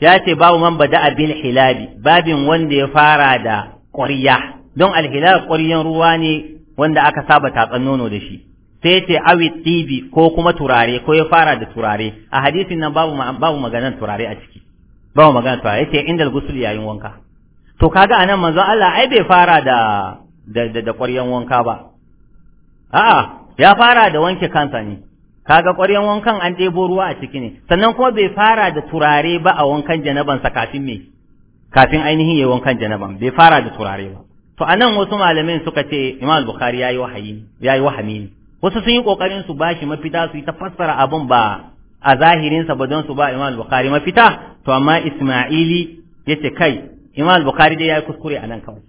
ya ce babu man bada abin hilabi babin wanda ya fara da ƙwarya don alhilal ƙwaryan ruwa ne wanda aka saba tatsan nono da shi sai ce awi tibi ko kuma turare ko ya fara da turare a hadisin nan babu babu maganar turare a ciki babu maganar turare yace indal gusul yayin wanka to kaga anan manzo Allah ai bai fara da da da ƙwaryan wanka ba a'a ya fara da wanke kansa ne kaga ƙwaryan wankan an ɗebo ruwa a ciki ne sannan kuma bai fara da turare ba a wankan janabansa kafin me kafin ainihin yayin wankan janaban bai fara da turare ba to anan wasu malamin suka ce Imam Bukhari yayi wahayi yayi wahami wasu sun yi kokarin su bashi mafita su yi ta fassara abun ba a zahirinsa ba don su ba Imam Bukhari mafita to amma Ismaili yace kai Imam Bukhari dai yayi kuskure anan kawai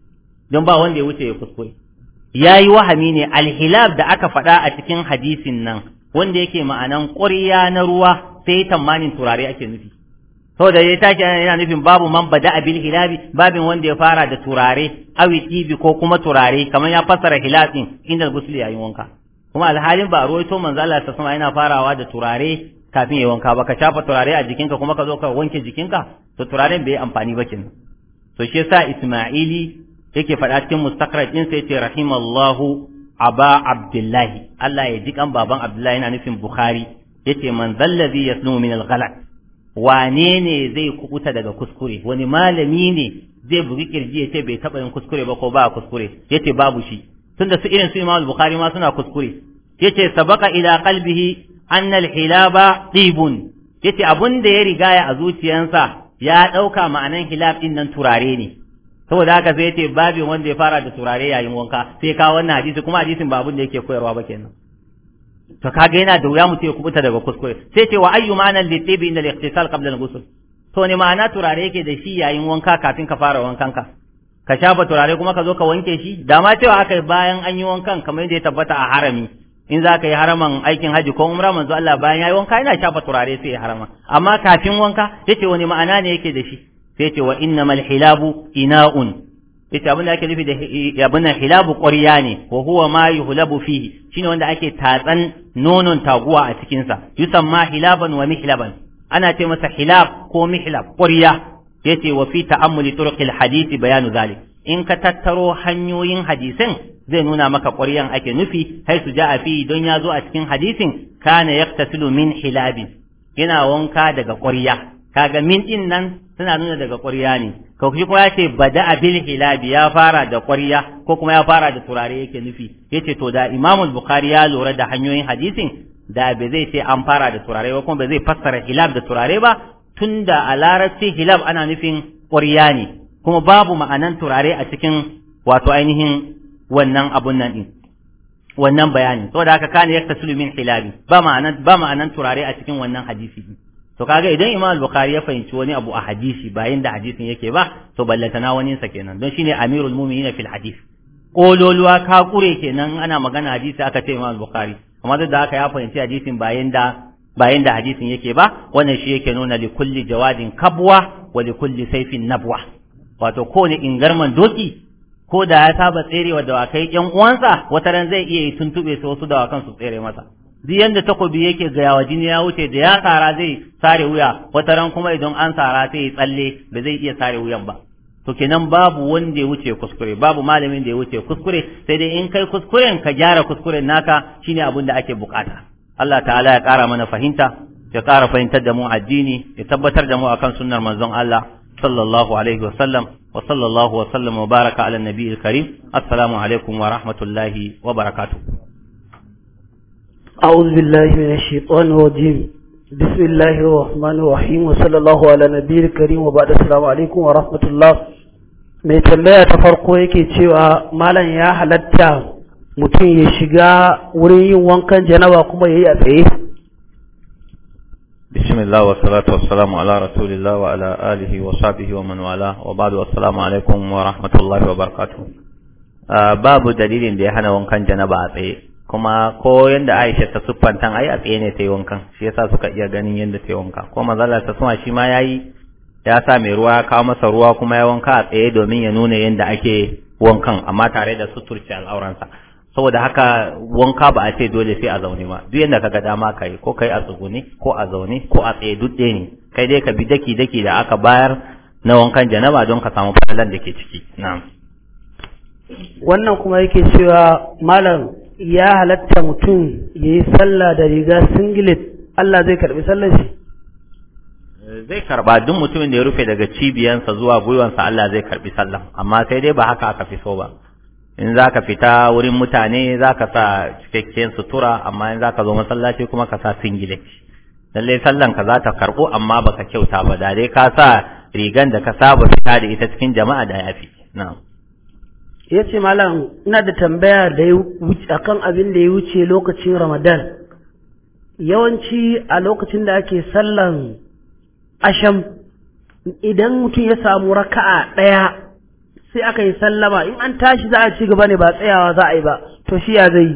don ba wanda ya wuce ya kuskure yayi wahami ne al-hilab da aka faɗa a cikin hadisin nan wanda yake ma'anan ƙurya na ruwa sai tamanin turare ake nufi saboda ya tashi yana nufin babu man bada abil hilabi babin wanda ya fara da turare awi tibi ko kuma turare kamar ya fassara hilabin inda gusli yayin wanka kuma alhalin ba a ruwaito manzo Allah ta sama yana farawa da turare kafin ya wanka ba ka shafa turare a jikinka kuma ka zo ka wanke jikinka to turaren bai amfani ba kin to shi yasa Isma'ili yake faɗa cikin mustaqrad din sai yace rahimallahu aba abdullahi Allah ya jikan baban abdullahi yana nufin bukhari yace man zallazi yasnu min al wane ne zai kukuta daga kuskure wani malami ne zai bugi kirji yace bai taba yin kuskure ba ko ba kuskure yace babu shi tunda su irin su Imam Bukhari ma suna kuskure yace sabaka ila qalbihi anna al-hilaba tibun yace abun da ya rigaya a zuciyansa ya dauka ma'anan hilab din nan turare ne saboda haka sai yace babu wanda ya fara da turare yayin wanka sai ka wannan hadisi kuma hadisin babu abun da yake koyarwa ba kenan to kaga yana da wuya mutum ya kubuta daga kuskure sai ce wa ayyu ma'anan litibi inda al ihtisal qabla al-ghusl to ne ma'ana turare yake da shi yayin wanka kafin ka fara wankanka ka shafa turare kuma ka zo ka wanke shi da ma cewa aka bayan an yi wankan kamar yadda ya tabbata a harami in za ka yi haraman aikin haji ko umra manzo Allah bayan ya yi wanka yana shafa turare sai ya harama amma kafin wanka yace wani ma'ana ne yake da shi sai yace wa innamal hilabu ina'un yace abin da ake nufi da abin hilabu ƙwarya ne wa huwa ma yuhlabu fihi shine wanda ake tatsan nonon taguwa a cikin sa yusamma hilaban wa mihlaban ana ce masa hilab ko mihlab ƙwarya yace wa fi ta'ammuli turuqil hadisi bayanu zalik in ka tattaro hanyoyin hadisin zai nuna maka ƙwaryan ake nufi hai su ja'a fi don ya zo a cikin hadisin kana yaktasilu min hilabi. yana wanka daga ƙwarya kaga min din nan suna nuna daga ƙwarya ne ka kuma ya ce bada bil hilabi ya fara da ƙwarya ko kuma ya fara da turare yake nufi yace to da Imamul Bukhari ya lura da hanyoyin hadisin da bai zai ce an fara da turare ba kuma bai zai fassara hilab da turare ba tunda a larabci hilab ana nufin ƙwarya ne kuma babu ma'anan turare a cikin wato ainihin wannan abun nan din wannan bayanin da haka kana yaktasilu sulumin hilabi ba ma'anan turare a cikin wannan hadisi to kaga idan Imam al-Bukhari ya fahimci wani abu a hadisi ba inda hadisin yake ba to na wani sa kenan don shine Amirul Mu'minin fil hadis kololuwa ka kure kenan ana magana hadisi aka ce Imam al-Bukhari amma da haka ya fahimci hadisin ba da. ba yanda hadisin yake ba wannan shi yake nuna li kulli jawadin kabwa wa li kulli sayfin nabwa wato ko kowane ingarman doki ko da ya saba tserewa dawakai yan uwansa wata ran zai iya yi tuntube su wasu dawakan su tsere masa duk yanda takobi yake ga yawa jini ya wuce da ya tsara zai sare wuya wata ran kuma idan an tsara sai ya tsalle ba zai iya sare wuyan ba to kenan babu wanda ya wuce kuskure babu malamin da ya wuce kuskure sai dai in kai kuskuren ka gyara kuskuren naka shine abin da ake bukata Allah ta'ala ya ƙara mana fahimta ya ƙara fahimtar da mu addini ya tabbatar da mu akan sunnar manzon Allah sallallahu alaihi wa sallam wa sallallahu wa sallam wa baraka ala nabiyil karim assalamu alaikum wa rahmatullahi wa barakatuh أعوذ بالله من الشيطان الرجيم بسم الله الرحمن الرحيم وصلى الله على نبي الكريم وبعد السلام عليكم ورحمة الله mai tambaya ta farko yake cewa malam ya halatta mutum ya shiga wurin yin wankan janaba kuma ya yi a tsaye bismillah wa salatu wa salamu ala rasulillah wa ala alihi wa sahbihi wa man wala wa ba'du assalamu alaikum wa rahmatullahi wa barakatuh ah, babu dalilin da ya hana wankan janaba a tsaye kuma ko yanda Aisha ta siffantan ai a tsaye ne ta yi wankan shi yasa suka iya ganin yanda ta yi wanka ko mazala ta suma shi ma ya yi ya sa mai ruwa ya kawo masa ruwa kuma ya wanka a tsaye domin ya nuna yanda ake wankan amma tare da suturci al'auransa saboda haka wanka ba a ce dole sai a zaune ba duk yadda kaga dama ka yi ko kai a tsuguni ko a zaune ko a tsaye duk ɗaya ne kai dai ka bi daki daki da aka bayar na wankan janaba don ka samu fadalan da ke ciki na'am wannan kuma yake cewa malam ya halatta mutum ya yi sallah da riga singlet Allah zai karbi sallar shi eh, zai karba duk mutumin da ya rufe daga cibiyansa zuwa gwiwansa Allah zai karbi sallah amma sai dai ba haka aka fi so ba in za ka fita wurin mutane za ka sa cikakken sutura amma in za ka zo masallaci kuma ka sa singile lalle sallan ka za ta karɓo amma baka kyauta ba da ka sa rigan da ka saba fita da ita cikin jama'a da yafi na'am ya ce malam ina da tambaya da ya kan akan abin da ya wuce lokacin ramadan yawanci a lokacin da ake sallan asham idan mutum ya samu raka'a ɗaya sai aka yi sallama in an tashi za a ci gaba ne ba tsayawa za a yi ba to shi ya zai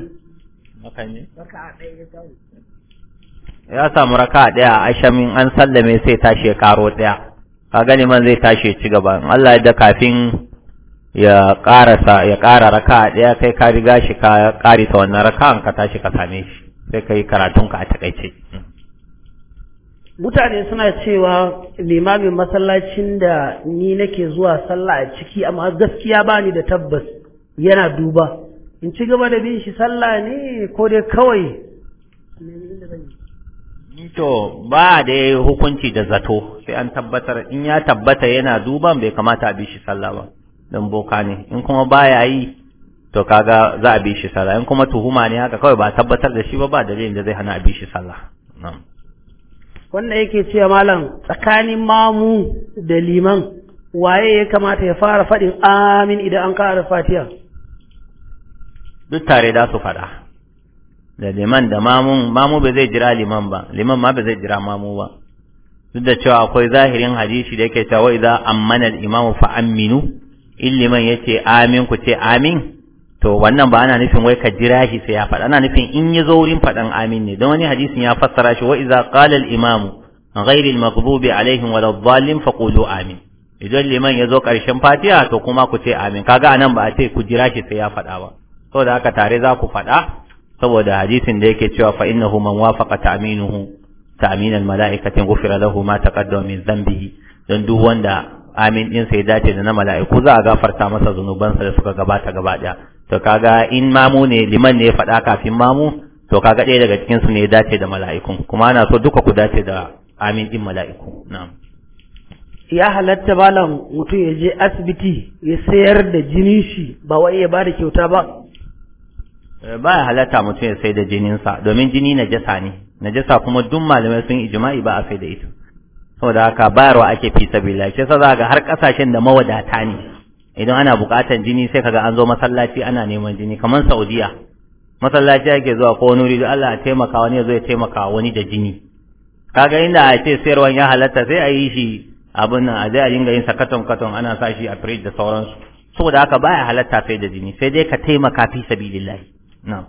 ya samu raka ɗaya a shamin an sallame sai tashi ya karo ɗaya ka gani man zai tashi ya ci gaba in Allah ya da kafin ya ƙarasa ya ƙara raka ɗaya kai ka riga shi ka ƙarisa wannan raka ka tashi ka same shi sai ka yi ka a takaice mutane suna cewa limamin masallacin da ni nake zuwa sallah a ciki amma gaskiya bani da tabbas yana duba in ci gaba da bin shi sallah ne ko dai kawai to ba da hukunci da zato sai an tabbatar in ya tabbata yana duban bai kamata a bi shi sallah ba don boka ne in kuma ba ya yi to kaga za a bi shi sallah in kuma tuhuma ne haka kawai ba tabbatar da shi ba ba dalilin da zai hana a bi shi sallah na'am wannan yake cewa malam tsakanin mamu da liman waye ya kamata ya fara faɗin amin idan an ƙara Fatiya? duk tare da su faɗa da liman da Mamu, mamu ba zai jira liman ba liman ma ba zai jira mamu ba duk da cewa akwai zahirin hadisi da yake cewa idza ammana al-imam fa aminu in liman yace amin ku ce amin to wannan ba ana nufin wai ka jira shi sai ya faɗa ana nufin in ya zo wurin faɗan amin ne don wani hadisin ya fassara shi wa iza qala al imam ghayril maghdubi alaihim walad dallin faqulu amin idan liman ya zo ƙarshen fatiha to kuma ku ce amin kaga anan ba a ce ku jira shi sai ya faɗa ba saboda haka tare za ku faɗa saboda hadisin da yake cewa fa innahu man wafaqa ta'minuhu ta'min al-mala'ikati ghufira lahu ma taqaddama min dhanbihi dan duk wanda amin din sai dace da na mala'iku za a gafarta masa zunubansa da suka gabata gaba daya to kaga in mamu ne liman ne faɗa kafin mamu to kaga ɗaya daga cikin su ne dace da mala'ikun kuma ana so duka ku dace da amin din mala'iku ya halatta na mutum ya je asibiti ya sayar da jinin shi ba wai ya bada kyauta ba eh, ba ya halatta mutum ya sai da jininsa domin jini na jasa ne na jasa kuma duk malamai sun ijma'i ba a sai da ita saboda haka bayarwa ake fi sabila ke sa za ga har kasashen da mawadata ne idan ana buƙatar jini sai kaga an zo masallaci ana neman jini kamar saudiya masallaci ake zuwa ko wani da Allah ya taimaka wani ya zo ya taimaka wani da jini kaga inda a ce sayarwan ya halatta sai a yi shi abin nan a zai a dinga yin sa katon katon ana sa shi a fridge da sauransu saboda haka baya halatta sai da jini sai dai ka taimaka fi sabilillahi na'am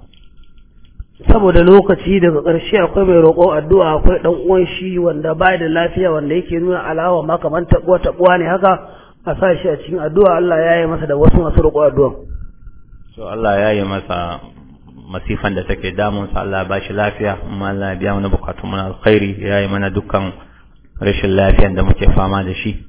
saboda lokaci daga ƙarshe akwai mai roƙo addu'a akwai ɗan uwan shi wanda baya da lafiya wanda yake nuna alawa ma kamar taɓuwa ne haka a sa shi a cikin addu'a Allah ya yi masa da wasu masu roƙo addu'a so Allah ya yi masa masifan da take damun sa Allah ba shi lafiya amma Allah ya biya mana bukatun mana alkhairi ya yi mana dukkan rashin lafiyan da muke fama da shi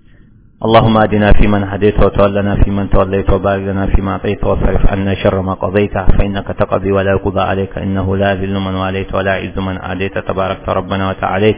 اللهم أدنا في من هديت وتولنا في من توليت وبارك لنا فيما أعطيت وصرف عنا شر ما قضيت فإنك تقضي ولا يقضى عليك إنه لا ذل من وليت ولا عز من عاديت تبارك ربنا وتعاليت